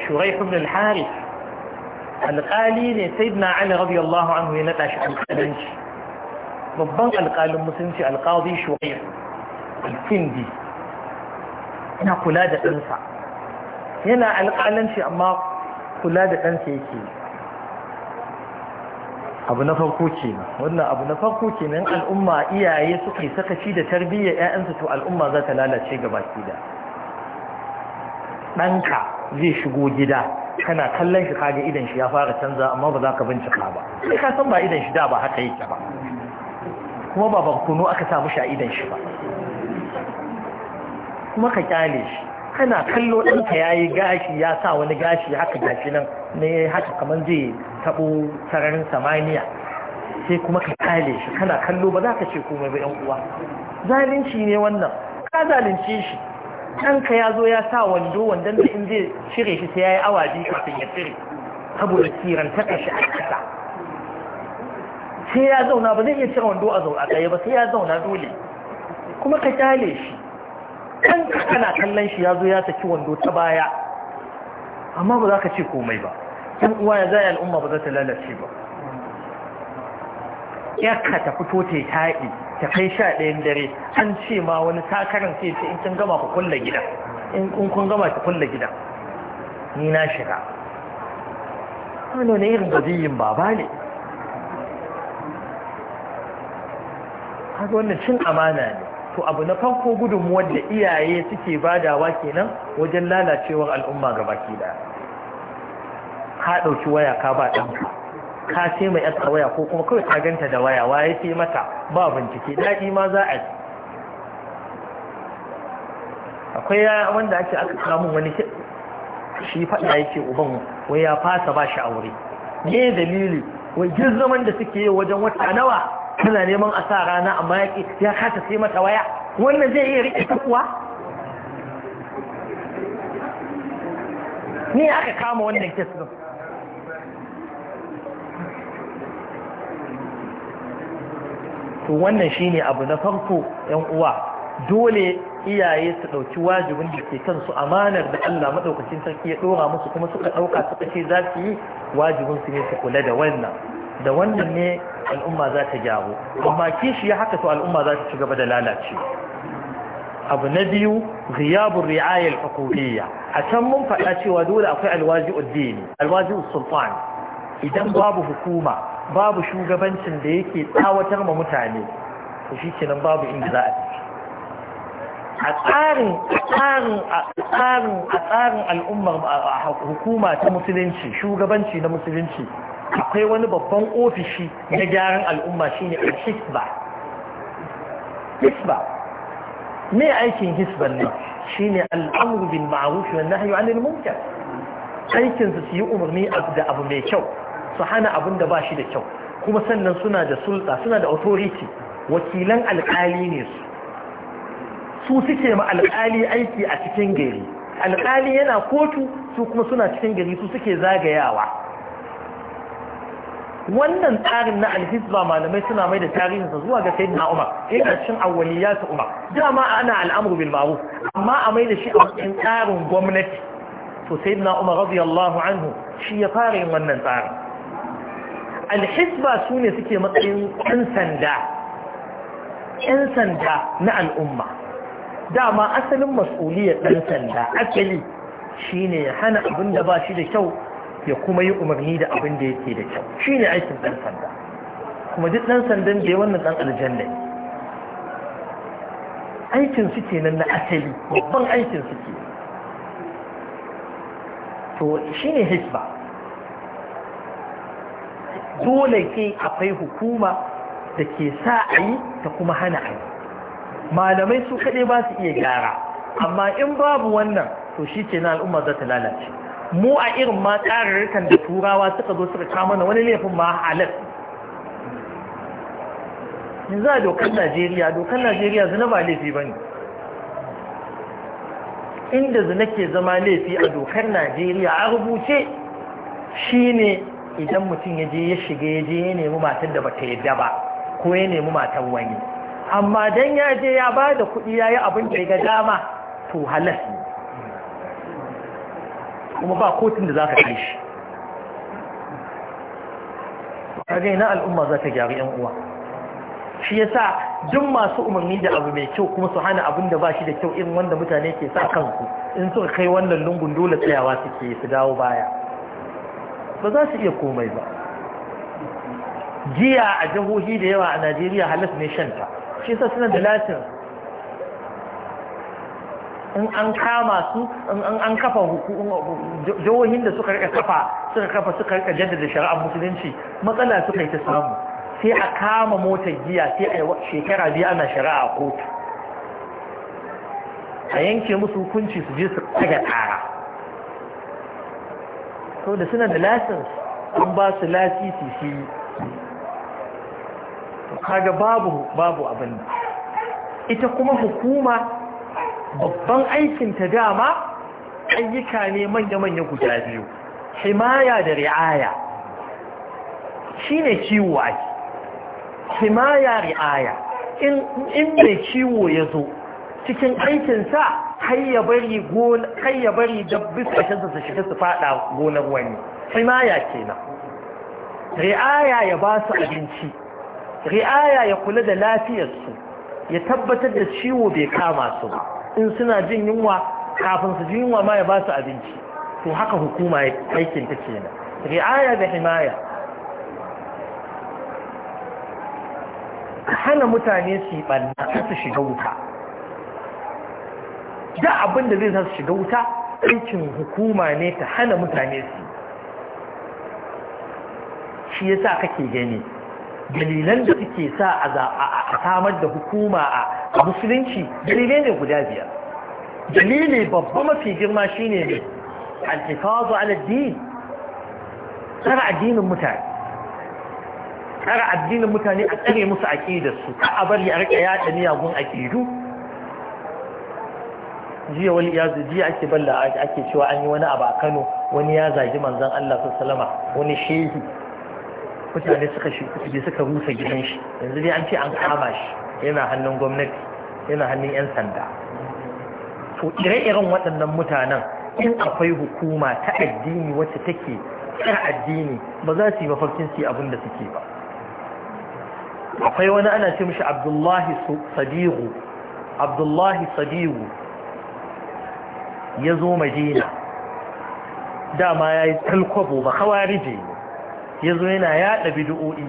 shurai ibn al-harith alƙali ne sayyidina ali radiyallahu anhu ya nada shi alƙalanci babban alƙalin musulunci alƙadi shurai al-kindi yana kula da ɗansa yana alƙalanci amma kula da ɗansa yake yi abu na farko kenan wannan abu na farko kenan al'umma iyaye suka yi sakaci da tarbiyyar 'ya'yansu to al'umma za ta lalace gaba da ɗanka zai shigo gida kana kallon shi kaga idan shi ya fara canza amma ba za ka bincika ba sai ka san ba idan shi da ba haka yake ba kuma ba barkono aka sa shi a idan shi ba kuma ka kyale shi kana kallo ɗanka ya yi gashi ya sa wani gashi haka gashi nan ne haka kamar zai taɓo sararin samaniya sai kuma ka kale shi kana kallo ba za ka ce komai ba 'yan uwa zalunci ne wannan ka zalunce shi ɗanka ya zo ya sa wando wandon da in zai cire shi sai ya yi awa biyu kafin ya cire saboda kiran ta kashi a kasa sai ya zauna ba zai iya cire wando a zauna ɗaya ba sai ya zauna dole kuma ka kyale shi ɗanka kana kallon shi ya zo ya saki wando ta baya amma ba za ka ce komai ba ɗan uwa ya zai al'umma ba za ta lalace ba yakka ta fito ta taɗi ta kai sha ɗayan dare an ce ma wani takarar sai ce in kun gama ku kulla gida in kun gama ku kulla gida ni na shiga wani ne irin gajiyin baba ne haka wannan cin amana ne to abu na farko gudunmu wadda iyaye suke badawa kenan wajen lalacewar al'umma ga baki daya ka ɗauki waya ka ba ɗan ka ce mai yasa waya ko kuma kawai ka ganta da waya waye ce mata ba bincike daɗi ma za a yi akwai wanda ake aka samun wani shi faɗa yake uban wai ya fasa ba shi aure ne dalili wai jin zaman da suke yi wajen wata nawa tana neman a sa rana amma ya kasa sai mata waya wannan zai iya riƙe ta kuwa ni aka kama wannan kes to wannan shine abu na farko yan uwa dole iyaye su ɗauki wajibin da ke kansu amanar da Allah maɗaukacin sarki ya ɗora musu kuma suka ɗauka suka ce za su yi wajibin su ne su kula da wannan da wannan ne al'umma za ta gyaru amma kishi ya haka to al'umma za ta ci gaba da lalace abu na biyu ghiyabur ri'ayar hukumiyya a can mun faɗa cewa dole akwai alwaji'ud dini alwaji'ud sultan idan babu hukuma babu shugabancin da yake tsawatar ma mutane to shi kenan babu inda za a tafi a tsarin tsarin tsarin a tsarin al'ummar hukuma ta musulunci shugabanci na musulunci akwai wani babban ofishi na gyaran al'umma shine hisba hisba me aikin hisban ne, shine al'amru bil ma'ruf wan nahyi 'anil munkar aikin su yi umarni da abu mai kyau su hana abin da ba shi da kyau kuma sannan suna da sulta suna da authority wakilan alkali ne su su suke ma alƙali aiki a cikin gari alƙali yana kotu su kuma suna cikin gari su suke zagayawa wannan tsarin na alhizba malamai suna mai da tarihinsa zuwa ga sayyidina umar cikin cin ta umar dama ana al'amru bil ma'ruf amma a mai da shi a cikin tsarin gwamnati to sayyidina umar radiyallahu anhu shi ya fara yin wannan tsarin alhisba su ne suke matsayin 'yan sanda 'yan sanda na al'umma dama asalin mas'uliyar ɗan sanda asali shi ne ya hana abin da ba shi da kyau ya kuma yi umarni da abin da yake da kyau shi ne aikin ɗan sanda kuma duk ɗan sandan da ya wannan ɗan aljanna ne aikin su kenan na asali babban aikin su ke to shi ne hisba dole ke akwai hukuma da ke sa a yi ta kuma hana a yi malamai su kaɗai ba su iya gyara amma in babu wannan to shi ke na al'umma za ta lalace mu a irin ma tsararrukan da turawa suka zo suka kama na wani laifin ma halar yanzu a dokar najeriya dokar najeriya zina ba laifi ba ne inda zina ke zama laifi a dokar najeriya a rubuce shi ne idan mutum ya je ya shiga ya je ya nemi matar da bata yadda ba ko ya nemi matar wani amma dan ya je ya ba da kuɗi ya yi abin da ya ga dama to halas ne kuma ba kotun da za ka kai shi kaga ina al'umma za ta gyaru yan uwa shi ya sa duk masu umarni da abu mai kyau kuma su hana abin da ba shi da kyau irin wanda mutane ke sa kansu in suka kai wannan lungun dole tsayawa suke su dawo baya ba za su iya komai ba giya a jihohi da yawa a najeriya halas ne shanta shi sa suna da latin in an kama su in an kafa jihohin da suka rika kafa suka kafa suka rika jaddada shari'ar musulunci matsala suka yi ta samu sai a kama motar giya sai a shekara biyu ana shari'a a kotu a yanke musu hukunci su je su daga tara saboda suna da lasins an ba su lasisi shi yi kaga babu babu abin ita kuma hukuma babban aikin ta dama ayyuka ne manya-manya guda biyu himaya da ri'aya shine kiwo ake himaya ri'aya in mai kiwo ya zo cikin aikinsa kai ya bari gona kai ya bari dabbi su shiga su fada gonar wani himaya kenan ri'aya ya ba su abinci ri'aya ya kula da lafiyar su. ya tabbatar da ciwo bai kama su ba. in suna jin yunwa kafin su jin yunwa ma ya ba su abinci to haka hukuma aikin ta kenan ri'aya da himaya hana mutane su yi ɓanna su shiga wuta da abin da zai sa shiga wuta aikin hukuma ne ta hana mutane su shi ya sa kake gani dalilan da suke sa a samar da hukuma a musulunci dalilai ne guda biyar dalili babba mafi girma shi ne ne alifazu aladdin tsara addinin mutane tsara addinin mutane a tsare musu aƙidarsu ka a bari a rika yaɗa miyagun aƙidu jiya wal jiya ake balla ake cewa an yi wani abu a Kano wani ya zagi manzon Allah sallallahu wani shehi mutane suka shi kuɗi suka rufe gidan shi yanzu dai an ce an kama shi yana hannun gwamnati yana hannun yan sanda to ire-iren waɗannan mutanen in akwai hukuma ta addini wacce take tsar addini ba za su yi mafarkin su yi abin da suke ba akwai wani ana ce mishi abdullahi sadiru abdullahi sadiru ya zo madina dama ya yi talkwabo ba kawarije ya zo yana yaɗa bidu'o'i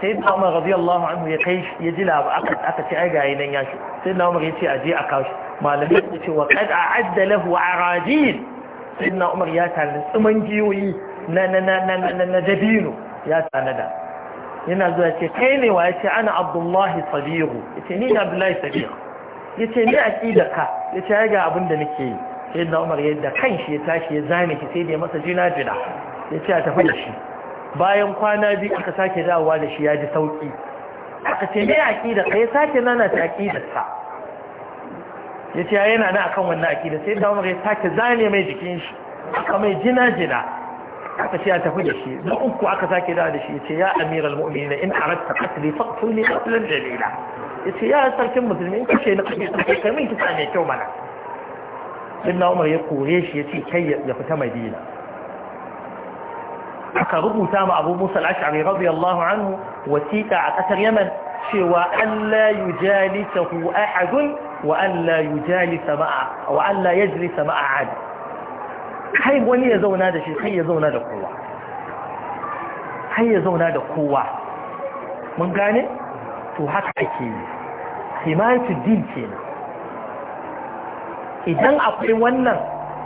sai da umar radiyallahu anhu ya kai ya ji labar aka ce ai gayi nan ya shi sai da umar ya ce aje a kawo shi malamai ya ce wa kad a'adda lahu arajin sai da umar ya tana tsuman giyoyi na na na na na dabino ya tanada yana zuwa ce kai ne wa ya ce ana abdullahi sabiru ya ce ni ne abdullahi sabiru ya ce ni a ka ya ce ya ga abin da nake yi sai da umar yadda kan shi ya tashi ya zame shi sai da ya masa jina jina ya ce a tafi da shi bayan kwana biyu aka sake dawowa da shi ya ji sauki aka ce ne aƙida ka ya sake nana ta aƙidarsa ya ce yana na akan wannan aƙida sai da umar ya sake zane mai jikin shi aka mai jina jina aka ce a tafi da shi na uku aka sake dawowa da shi ya ce ya amiral mu'minin in aratta qatli faqtulni qatlan jalila ya ce ya sarkin musulmi in kashe na kashe kai min kisa ne kyau mana inna umar ya kore shi ya ce kai ya fita madina aka rubuta ma abu musa al'ashari radiyallahu anhu wasiƙa a ƙasar yaman cewa Allah yi jalisa hu ahadun wa Allah yi jalisa ma'a wa Allah ya jalisa ma'a adi kai wani ya zauna da shi kai ya zauna da kowa kai ya zauna da kowa mun gane to haka ake yi himayatu din kenan idan akwai wannan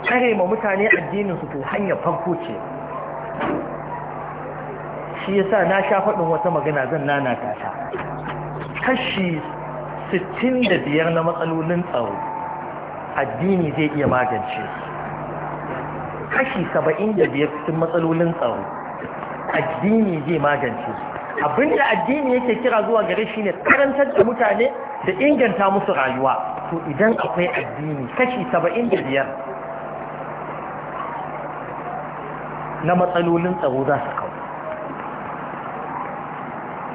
kare ma mutane addinin su to hanyar farko ce shi yasa na sha faɗin wata magana zan nana ta ta kashi 65 na matsalolin tsaro addini zai iya magance kashi 75 cikin matsalolin tsaro addini zai magance su abinda addini yake kira zuwa gare shi ne karantar da mutane da inganta musu rayuwa to idan akwai addini kashi saba'in da biyar na matsalolin tsaro za su kawo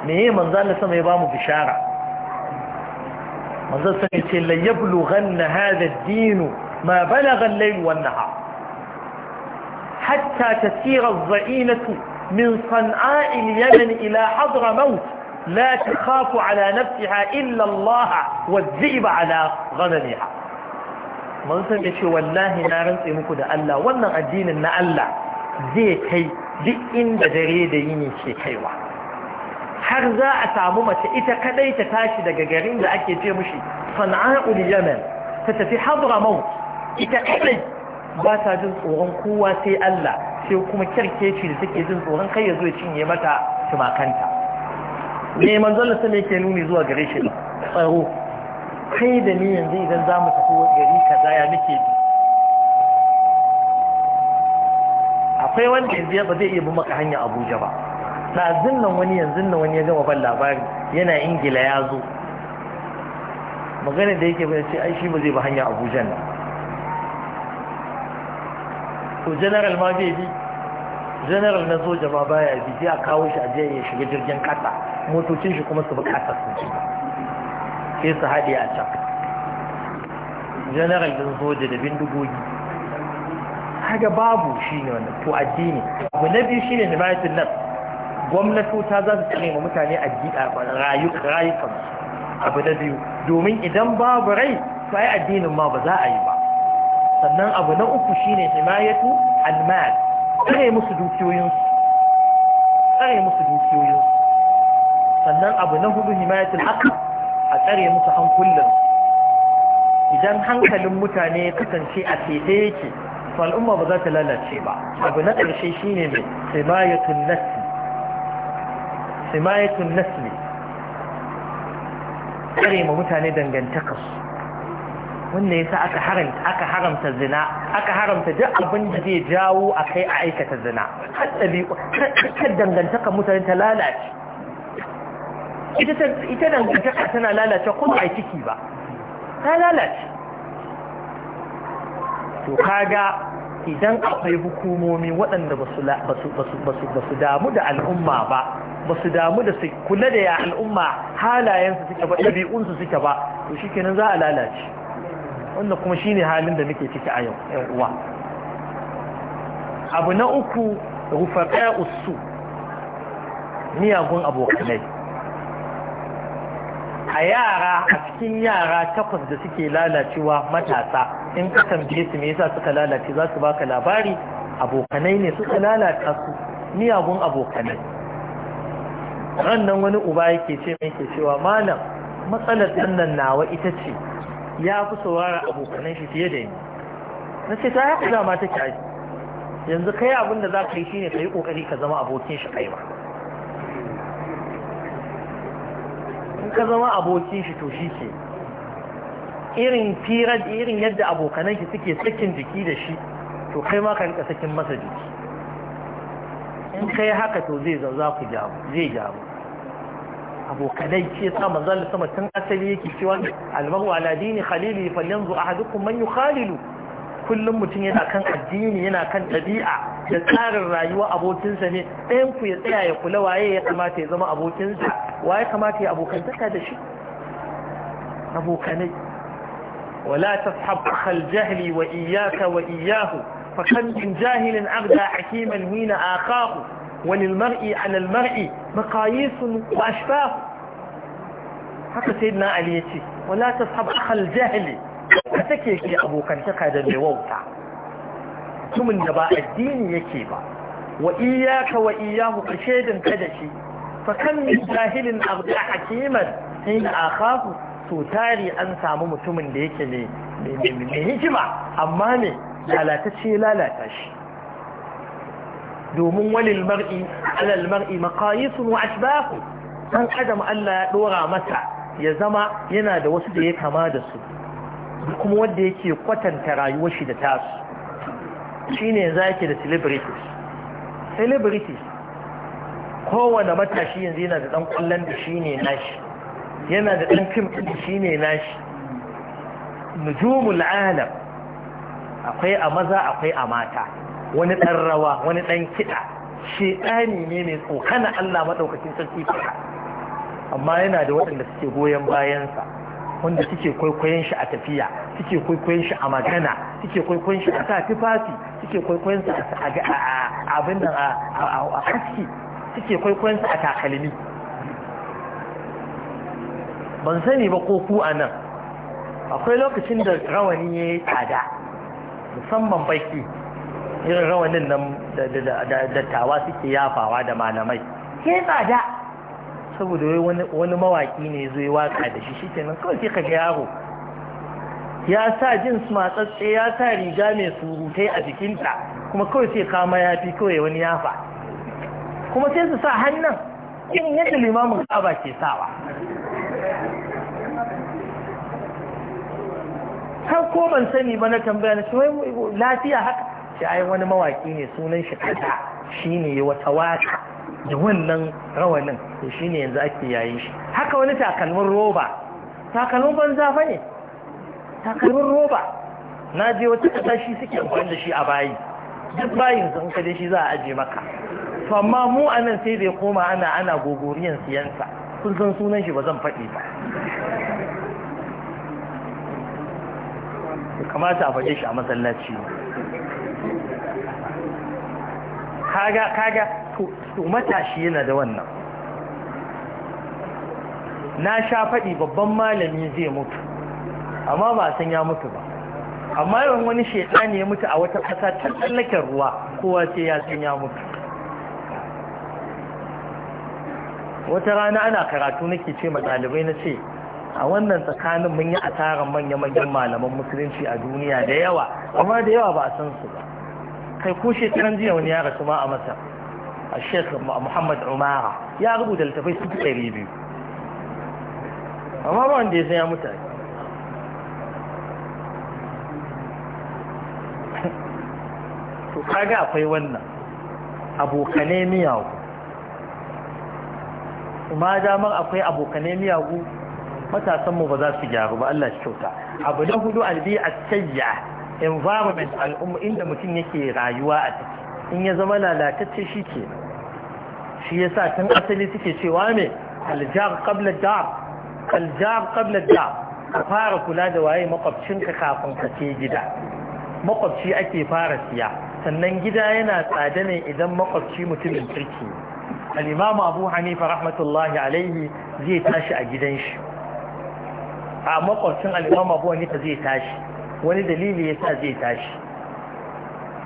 me yi manzan da sama ya ba mu bishara manzan sama ce Layyab layyablu na hada Dino ma balagan lairu na ha hatta ta tasirar za'inatu من صنعاء اليمن إلى حضر موت لا تخاف على نفسها إلا الله والذئب على غنمها من سنة والله نارن سيمكو دا allah وانا الدين na allah zai kai duk da dare da yini ke kaiwa har za a samu mace ita kadai ta tashi daga garin da ake ce mushi sana'a'ul yaman ta tafi hadramaut ita kadai ba ta jin tsoron kowa sai Allah sai kuma kyarkeci da take jin tsoron kai ya zo ya cinye mata tumakanta ne manzon Allah sai yake nuni zuwa gare shi tsaro kai da ni yanzu idan za mu tafi gari kaza ya nake bi akwai wanda yanzu ba zai iya bi maka hanya Abuja ba na zinnan wani yanzu nan wani ya gama ban labari yana Ingila ya zo magana da yake ba ce ai shi ba zai ba hanya Abuja nan to general ma bai bi general na soja ma baya bi sai a kawo shi a je ya shiga jirgin kasa motocin shi kuma su bi kasa su sai su haɗe a can general din soja da bindigogi haga babu shi ne wannan to addini abu na biyu shi ne nimayatin nan gwamnatota za su tsare ma mutane rayukansu abu na biyu domin idan babu rai to yi addinin ma ba za a yi ba sannan abu na uku shine himayatu almal tsare musu dukiyoyinsu tsare musu dukiyoyinsu sannan abu na hudu himayatul haqq a tsare musu hankulin. idan hankalin mutane ya kasance a tete yake to al'umma ba za ta lalace ba abu na ƙarshe shine mai himayatul nasli himayatul nasli tsare ma mutane dangantakarsu wanda yasa aka haramta aka haramta zina aka haramta duk abin da zai jawo a kai a aikata zina har dabi'u har dangantaka mutane ta lalace ita dangantaka tana lalace kuma ai ciki ba ta lalace to kaga idan akwai hukumomi waɗanda ba su damu da al'umma ba ba su damu da su kula da ya al'umma halayensu suke ba ɗabi'unsu suke ba to shi za a lalace wannan kuma shi ne halin da muke ciki a yau uwa abu na uku rufaqa usu miyagun abokanai a yara a cikin yara takwas da suke lalacewa matasa in ka tambaye su me yasa suka lalace za su baka labari abokanai ne suka lalata su miyagun abokanai rannan wani uba yake ce mai ke cewa malam matsalar nan nawa ita ce ya fi saurara abokanan shi fiye da ni na ce ta haka dama ta ai yanzu kai abin da za ka yi shine ka yi kokari ka zama abokin shi kai ma in ka zama abokin shi to shi ke irin irin yadda abokanan shi suke sakin jiki da shi to kai ma ka rika sakin masa jiki in kai haka to zai zan za ku jamu zai jamu abokanai ce sa da sama tun asali yake cewa almaru ala dini khalili falyanzu ahadukum man yukhalilu kullum mutum yana kan addini yana kan ɗabi'a da tsarin rayuwa abokinsa ne ɗayan ku ya tsaya ya kula waye ya kamata ya zama abokinsa waye kamata ya abokantaka da shi abokanai wala tashab akhal jahli wa iyyaka wa iyyahu fa kan jahilin abda hakiman hina akahu وللمرء alalmar'i makayisun مقاييس haka sai na Ali ya ce wala ta sab akal jahili ka take ke abokantaka da mai wauta mutumin da ba addini yake ba wa iyyaka wa iyyahu ka ka da shi fa kan min jahilin abda hakiman hina akhafu to tari an samu mutumin da yake ne mai hikima amma ne lalatacce lalata shi domin wani mar'i alal mar'i maqayisun wa ashbahu dan adam Allah ya dora masa ya zama yana da wasu da ya kama da su kuma wanda yake kwatanta rayuwar shi da tasu shine yanzu yake da celebrities celebrities kowane matashi yanzu yana da dan kullun da shine nashi yana da dan kim da shine nashi nujumul alam akwai a maza akwai a mata wani ɗan rawa wani ɗan kiɗa shi ɗani ne mai tsokana Allah maɗaukacin sarki kiɗa amma yana da waɗanda suke goyon bayansa wanda suke kwaikwayon shi a tafiya suke kwaikwayon shi a magana suke kwaikwayon shi a sa tufafi suke kwaikwayon shi a abin nan a haski suke kwaikwayon sa a takalmi ban sani ba ko ku a nan akwai lokacin da rawani ya yi tsada musamman baki irin rawanin nan da tawa suke yafawa da malamai ke tsada saboda wani mawaki ne zai waka da shi nan kawai ka ga yaro ya sa su matsatse ya sa riga mai surutai a jikinta kuma kawai sai kama ya fi kawai wani yafa kuma sai su sa hannun yin yadda limamin kaba ke sawa har ko ban sani ba na tambaya na shi lafiya haka ce ai wani mawaki ne sunan shi kaza shine wata waka da wannan rawanin to shine yanzu ake yayin shi haka wani takalmin roba takalmin banza fa ne takalmin roba na je wata kasa shi suke amfani da shi a bayi duk bayin sun kaje shi za a aje maka to amma mu anan sai bai koma ana ana gogoriyan siyansa kun san sunan shi ba zan faɗi ba kamata a faɗe shi a masallaci ne kaga kaga to matashi yana da wannan na sha faɗi babban malami zai mutu amma ba san ya mutu ba amma yawan wani ne ya mutu a wata ƙasa ta tsallaken ruwa kowa sai ya san ya mutu wata rana ana karatu nake ce ma ɗalibai na ce a wannan tsakanin mun yi asarar manya-manyan malaman musulunci a duniya da yawa amma da yawa ba a san su ba kai ko shekaran jiya wani ya rasu ma a masa a shekaru muhammad umara ya rubuta littafai su ɗari biyu amma ba wanda ya san ya mutane to kaga akwai wannan abokane miyagu ma damar akwai abokane miyagu matasanmu ba za su gyaru ba Allah shi kyauta abu na hudu albi a sayya environment al'umma inda mutum yake rayuwa a ciki in ya zama lalatacce shi ke shi yasa tun asali suke cewa me aljar qabla dar aljar qabla dar ka fara kula da waye makwabcinka kafin ka ce gida makwabci ake fara siya sannan gida yana tsada ne idan makwabci mutumin kirki al abu hanifa rahmatullahi alaihi zai tashi a gidan shi a makwabcin al abu hanifa zai tashi wani dalili ya sa zai tashi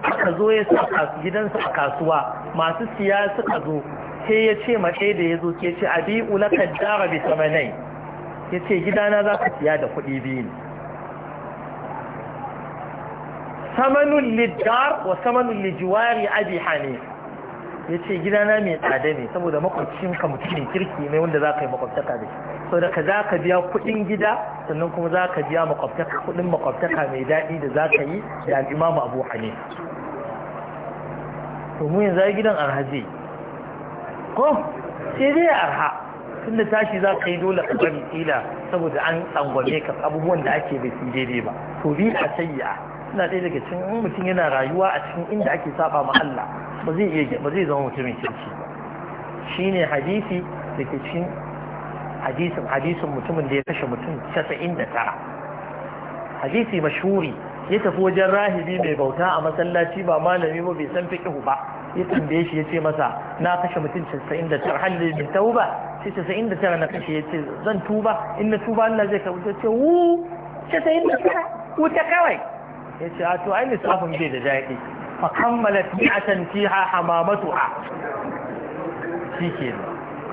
aka zo ya sa gidansa a kasuwa masu siya suka zo sai ya ce mace da ya zo ke ce abi ulakar dara bi samanai ya ce gidana za ka siya da kuɗi biyu ne samanun lidar wa samanun lijiwari abi hanifa ya ce gidana mai tsada ne saboda makwabcinka mutum kirki ne wanda za ka yi makwabtaka da shi sau da ka za ka biya kuɗin gida sannan kuma za ka biya makwabtaka kuɗin makwabtaka mai daɗi da za ka yi da al'imamu abu hane to mu yanzu gidan arhaji ko sai dai arha tunda tashi za ka yi dole a bari kila saboda an tsangwame ka abubuwan da ake bai su daidai ba to bi a a suna ɗaya daga cikin in mutum yana rayuwa a cikin inda ake saba ma Allah ba zai iya ba zai zama mutumin kirki Shi ne hadisi da ke cikin hadisin hadisin mutumin da ya kashe mutum casa'in da tara. hadisi mashuri ya tafi wajen rahibi mai bauta a masallaci ba malami ba bai san fiqhu ba ya tambaye shi ya ce masa na kashe mutum casa'in da tara, halli bi tauba sai tara na kashe ya ce zan tuba in na tuba Allah zai karbi ce wu 99 wuta kawai ya ce a to ai lissafin bai da daɗi fa kammalat mi'atan fiha hamamatuha shikenan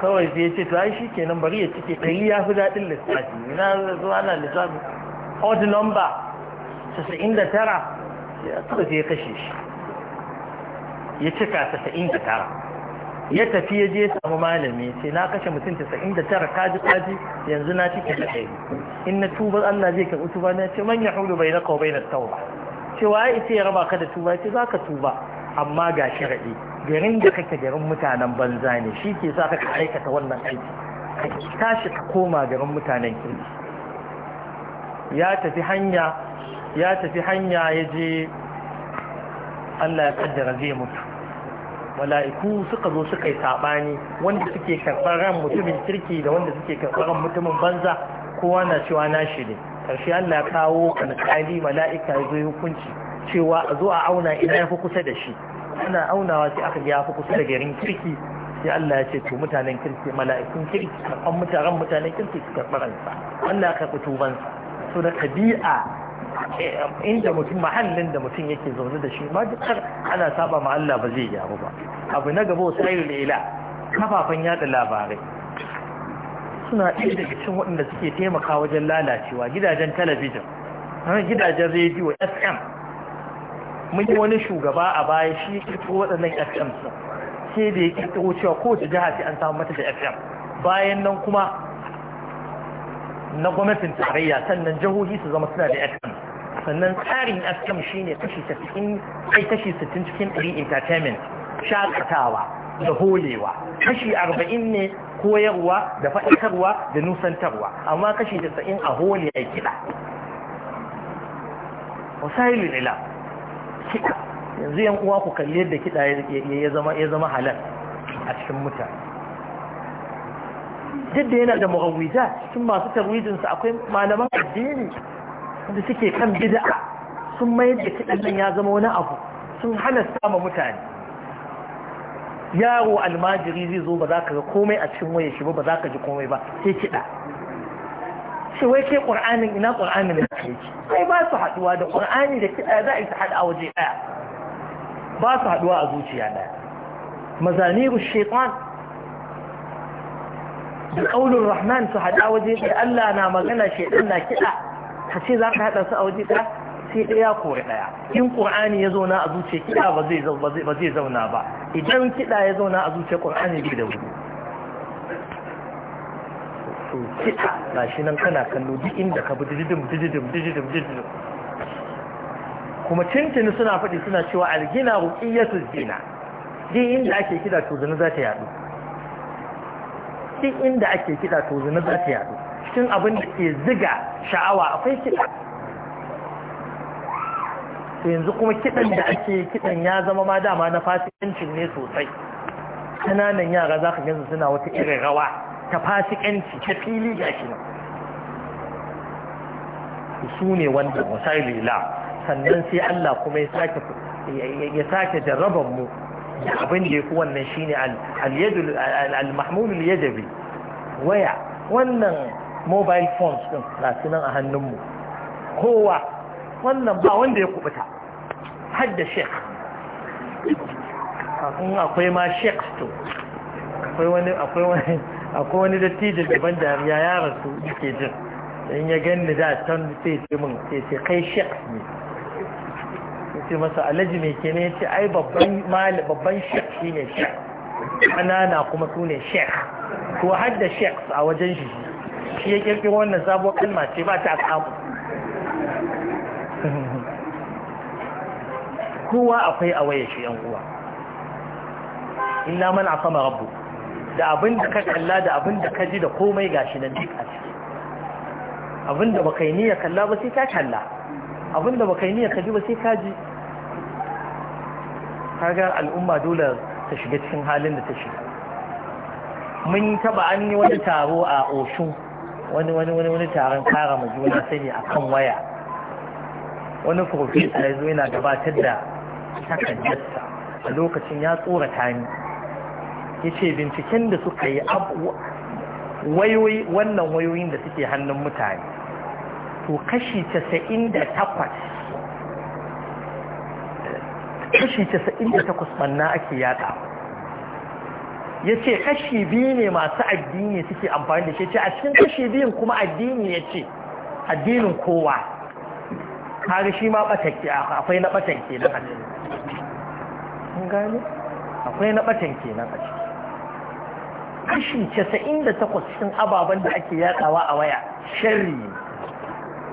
kawai sai ya ce to ai kenan bari ya cike ɗari ya fi daɗin lissafi ina zuwa ana lissafi odd number Sasa'in da tara ya kawai sai ya kashe shi ya cika sasa'in da tara ya tafi ya je ya samu malami sai na kashe mutum sa'in da tara kaji kaji yanzu na cike da ɗaya in na tuba Allah zai karɓi tuba na ce manya hudu bai na kawo bai na tauba wa ya ce ya raba ka da tuba ce za ka tuba amma ga sharaɗi garin da kake garin mutanen banza ne shi ke sa ka aikata wannan aiki ka tashi ka koma garin mutanen kirki ya tafi hanya ya tafi hanya ya je Allah ya kaddara zai mutu mala'iku suka zo suka yi saɓani wanda suke karɓar ran mutumin kirki da wanda suke karɓar ran mutumin banza kowa na cewa na shi ne ƙarshe Allah ya kawo kankani mala'ika ya zo hukunci cewa a zo a auna ina ya fi kusa da shi ana aunawa sai aka ya fi kusa da garin kirki sai Allah ya ce to mutanen kirki mala'ikun kirki karɓar mutanen mutanen kirki su karɓar ransa Allah ya karɓi tubansa so da ɗabi'a inda mutum mahallin da mutum yake zaune da shi ma dukkan ana saba ma Allah ba zai gyaru ba abu na gaba wasu ayyul ila kafafen yada labarai suna ɗaya daga cikin waɗanda suke taimaka wajen lalacewa gidajen talabijin gidajen rediyo fm mun yi wani shugaba a baya shi kirkiro waɗannan fm sai da ya kirkiro cewa kowace jiha sai an samu mata da fm bayan nan kuma na gwamnatin tarayya sannan jihohi su zama suna da fm sannan tsarin askam shi ne kashi 60 kai kashi 60 cikin ɗari entertainment shakatawa da holewa kashi 40 ne koyarwa da faɗakarwa da nusantarwa amma kashi 90 a hole a kiɗa wasailun ila kiɗa yanzu yan uwa ku kalli yadda kiɗa ya zama halal a cikin mutane duk da yana da mu'awwiza cikin masu tarwijinsu akwai malaman addini da suke kan bid'a sun mayar da kiɗan nan ya zama wani abu sun hana sama mutane yaro almajiri zai zo ba za ka ga komai a cikin waye shi ba za ka ji komai ba sai kiɗa shi wai ke ƙur'anin ina ƙur'anin da ke ci sai ba su haɗuwa da ƙur'ani da kiɗa za a yi ta haɗa a waje ɗaya ba su haɗuwa a zuciya ɗaya mazaniru shaitan da ƙaunin rahman su haɗa waje ɗaya Allah na magana shaitan na kiɗa ka ce za ka haɗa su a waje ɗaya sai ɗaya kori ɗaya in ƙur'ani ya zauna a zuciya kiɗa ba zai zauna ba idan kiɗa ya zauna a zuciya ƙur'ani bai da wuri to kiɗa ba shi nan kana kallo duk inda ka bi dijidim dijidim dijidim dijidim kuma tintini suna faɗi suna cewa algina ruƙiyyatu zina duk inda ake kiɗa to zina za ta yaɗu duk inda ake kiɗa to zina za ta yaɗu cikin abin da ke ziga sha'awa akwai kiɗa yanzu kuma kiɗan da ake kiɗan ya zama ma dama na fasikancin ne sosai ƙananan yara za ka gansu suna wata irin rawa ta fasikanci ta fili ga shi nan su ne wanda misali la sannan sai Allah kuma ya sake ya jarraban mu abin da ya fi wannan shine al-yadul al waya wannan mobile phones ɗin su nan a hannunmu kowa wannan ba wanda ya kubuta hadda sheikh in akwai ma sheikh to akwai wani akwai wani akwai wani daban da ya yara su yake jin in ya ganni da can sai ce min sai kai sheikh ne ce masa alhaji mai ke ne ce ai babban mali babban sheikh shine sheikh ƙanana kuma su ne sheikh to hadda sheikh a wajen shi shi ya kirkiro wannan sabuwar kalma ce ba ta kamu kowa akwai a waya shi yan uwa illa man asama rabbu da abin da ka kalla da abin da ka ji da komai gashi nan duk a ciki abin da baka yi niyya kalla ba sai ka kalla abin da baka yi niyya kaji ba sai ka ji kaga al'umma dole ta shiga cikin halin da ta shiga mun taba an yi wani taro a oshun wani wani wani wani taron kara ma juna sani a kan waya wani profesa ya zo yana gabatar da takardarsa a lokacin ya tsora ni ya ce binciken da suka yi wayoyi wannan wayoyin da suke hannun mutane to kashi casa'in da takwas kashi casa'in da takwas ɓanna ake yada ya ce kashi biyu ne masu addini suke amfani da shi ce a cikin kashi biyun kuma addini ya ce addinin kowa kare shi ma ɓatanke akwai na ɓatanke nan a an gane akwai na ɓatanke nan a kashi casa'in da takwas cikin ababen da ake yaɗawa a waya sharri ne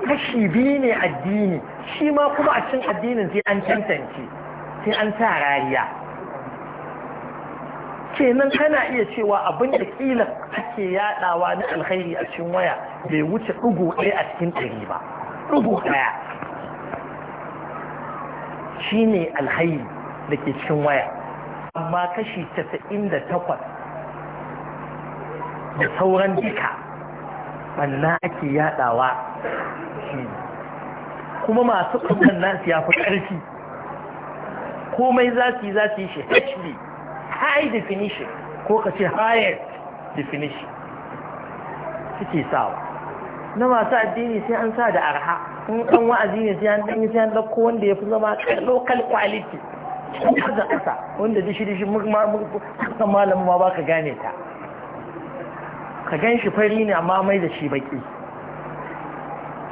kashi biyu ne addini shi ma kuma a cikin addinin sai an tantance sai an sa rariya kenan kana iya cewa abin da kila ake yadawa na alkhairi a cikin waya bai wuce ɗigo ɗaya a cikin ɗari ba ɗigo ɗaya shine alkhairi da ke cikin waya amma kashi casa'in da takwas da sauran duka banna ake yadawa kuma masu ɓannan nan siya fi ƙarfi komai za su yi za su yi shi hd high definition ko ka ce highest definition suke sawa na masu addini sai an sa da arha in dan wa'azi ne sai an ɗanyi sai an ɗauko wanda ya fi zama local quality da ƙasa wanda dishi dishi mugma malamin ma ba ka gane ta ka gan shi fari ne amma mai da shi baki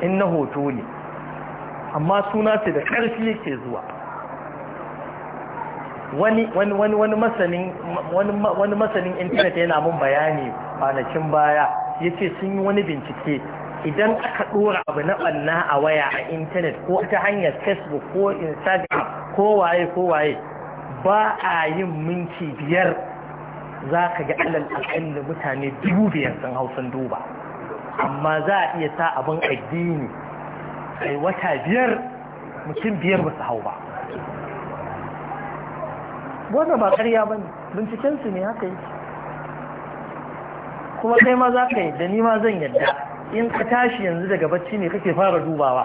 in na hoto ne amma suna su da ƙarfi yake zuwa wani masanin intanet yana mun bayani kwanakin baya yace sun yi wani bincike idan aka ɗora abu na banna a waya a intanet, ko ta hanyar facebook ko instagram ko waye ko waye ba a yin minti biyar za ka ga alal akalli mutane dubu biyar sun hau sun duba amma za a iya sa abin addini kai wata biyar mutum biyar ba su hau ba wannan ba karya ba ne bincikensu ne haka yake kuma kai ma za ka yi ni ma zan yadda in ka tashi yanzu daga bacci ne kake fara dubawa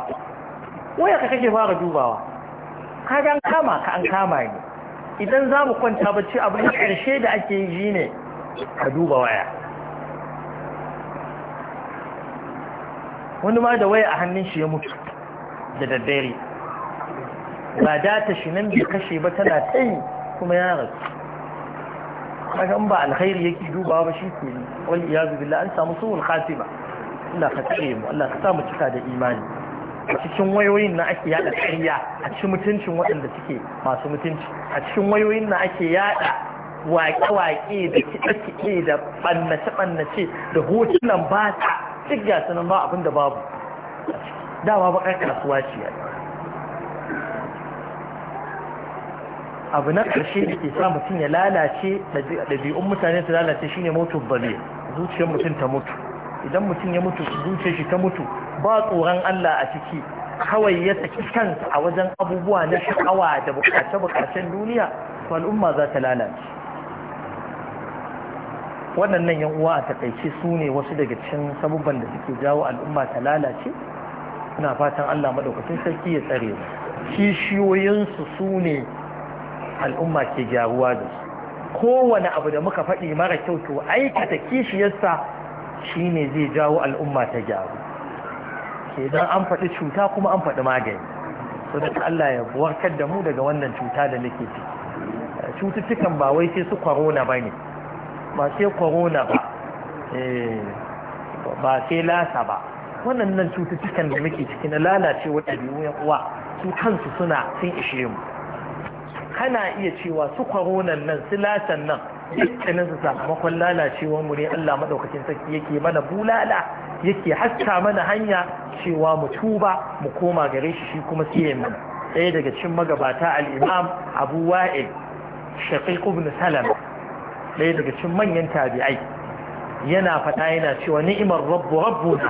waya ka kake fara dubawa ka gan kama ka an kama ne idan za mu kwanta bacci abu ne ƙarshe da ake yi shi ne ka duba waya wani ma da waya a hannun shi ya mutu da daddare ba da ta shi nan bai kashe ba tana ta yi. kuma ya rasu kagan ba alkhairi yake duba ba shi ke wani iyazu billah an samu suwul khatima Allah ka tsare mu Allah ka samu mu cika da imani a cikin wayoyin na ake yada ƙarya a cikin mutuncin waɗanda suke masu mutunci a cikin wayoyin na ake yada waƙe-waƙe da kiɗe-kiɗe da ɓannace-ɓannace da hotunan ba ta duk gasu nan ba abin da babu dama ƙarƙar suwa ce abu na ƙarshe da ke sa mutum ya lalace ɗabi'un mutane su lalace shine motun bale zuciyar mutum ta mutu idan mutum ya mutu zuciyar shi ta mutu ba tsoron Allah a ciki kawai ya saki kansa a wajen abubuwa na sha'awa da bukace-bukacen duniya to al'umma za ta lalace waɗannan yan uwa a takaice su ne wasu daga cikin sabubban da suke jawo al'umma ta lalace ina fatan Allah madaukakin sarki ya tsare mu kishiyoyinsu su ne al'umma ke gyaruwa da su kowane abu da muka faɗi mara kyau to aikata kishiyarsa shi ne zai jawo al'umma ta gyaru ke don an faɗi cuta kuma an faɗi magani so da Allah ya warkar da mu daga wannan cuta da nake ciki cututtukan ba wai sai su corona ba ne ba sai corona ba eh, ba sai lasa ba wannan nan cututtukan da muke ciki na lalace biyu ya kuwa, su kansu suna sun ishe mu kana iya cewa su kwaronan nan su latan nan dukkanin su sakamakon lalacewar mu ne Allah madaukakin sarki yake mana bulala yake haska mana hanya cewa mu tuba mu koma gare shi shi kuma sai mana ɗaya daga cikin magabata al-Imam Abu Wa'il Shaqiq ibn Salama ɗaya daga cikin manyan tabi'ai yana faɗa yana cewa ni'imar rabbu rabbuna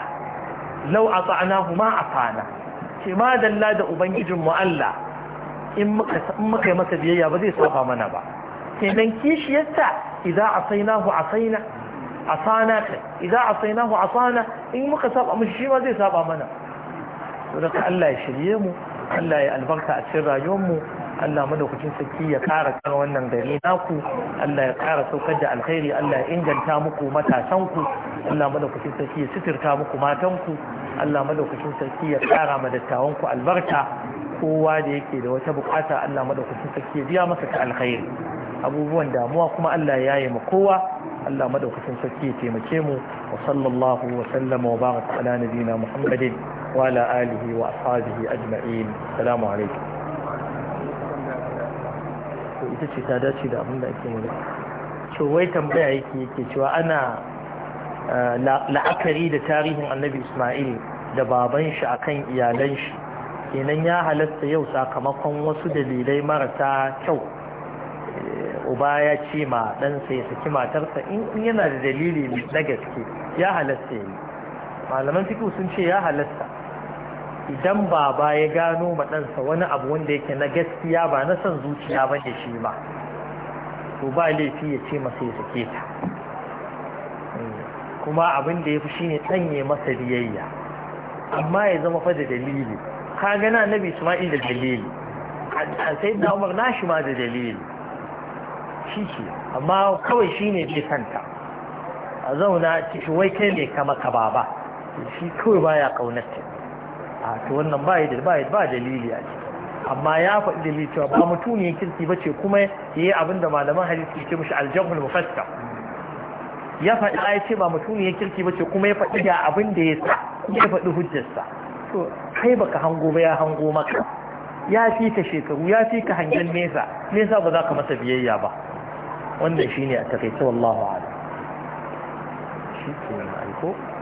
law ata'nahu ma afana ce ma dalla da ubangijin mu Allah in muka yi masa biyayya ba zai sauka mana ba kenan kishiyarsa idan asainahu asaina asana kai idan asainahu asana in muka saba mu shi ma zai saba mana to da Allah ya shirye mu Allah ya albarka a cikin rayuwar mu Allah madaukakin sarki ya kara kan wannan gari naku Allah ya kara saukar da alkhairi Allah ya inganta muku matasanku Allah madaukakin sarki ya sitirta muku matanku Allah madaukakin sarki ya kara ma dattawanku albarka kowa da yake da wata bukata Allah madaukakin sarki ya biya masa ta alkhairi abubuwan damuwa kuma Allah ya yi ma kowa Allah madaukakin sarki ya taimake mu wa sallallahu wa sallama wa baraka ala nabiyina Muhammadin wa ala alihi wa ashabihi ajma'in assalamu alaikum to ita ce ta dace da abin da ake yi to wai tambaya yake yake cewa ana eh, la'akari da tarihin annabi Isma'il da baban shi akan iyalan shi kenan ya halatta yau sakamakon wasu dalilai marasa kyau eh, uba ya ce ma ɗansa ya saki matarsa in yana da dalili na gaske ya halatta yi malaman fikihu sun ce ya halatta idan baba ya gano ma ɗansa wani abu wanda yake na gaskiya ba na son zuciya ba ne shi ba to ba laifi ya ce masa ya sake ta eh, kuma abin da ya fi shine ɗanye masa biyayya amma ya zama fa da dalili ka gana nabi Isma'il da dalili A sai da Umar nashi ma da dalili shi ce amma kawai shi ne ke santa a zauna shi wai kai ne kama ka maka baba shi kawai baya kaunarta a to wannan ba da ba dalili a ciki amma ya faɗi dalili cewa ba mutuniyar kirki ba ce kuma ya yi abin da malaman hadisi ke mushi aljahul mufassar ya faɗi ya ce ba mutuniyar kirki ba ce kuma ya faɗi da abin da ya sa ya faɗi hujjarsa to kai baka hango ba ya hango maka ya fi shekaru ya fi ka hangen nesa nesa ba za ka masa biyayya ba wannan shine a takaice wallahu a'lam shi ke nan aiko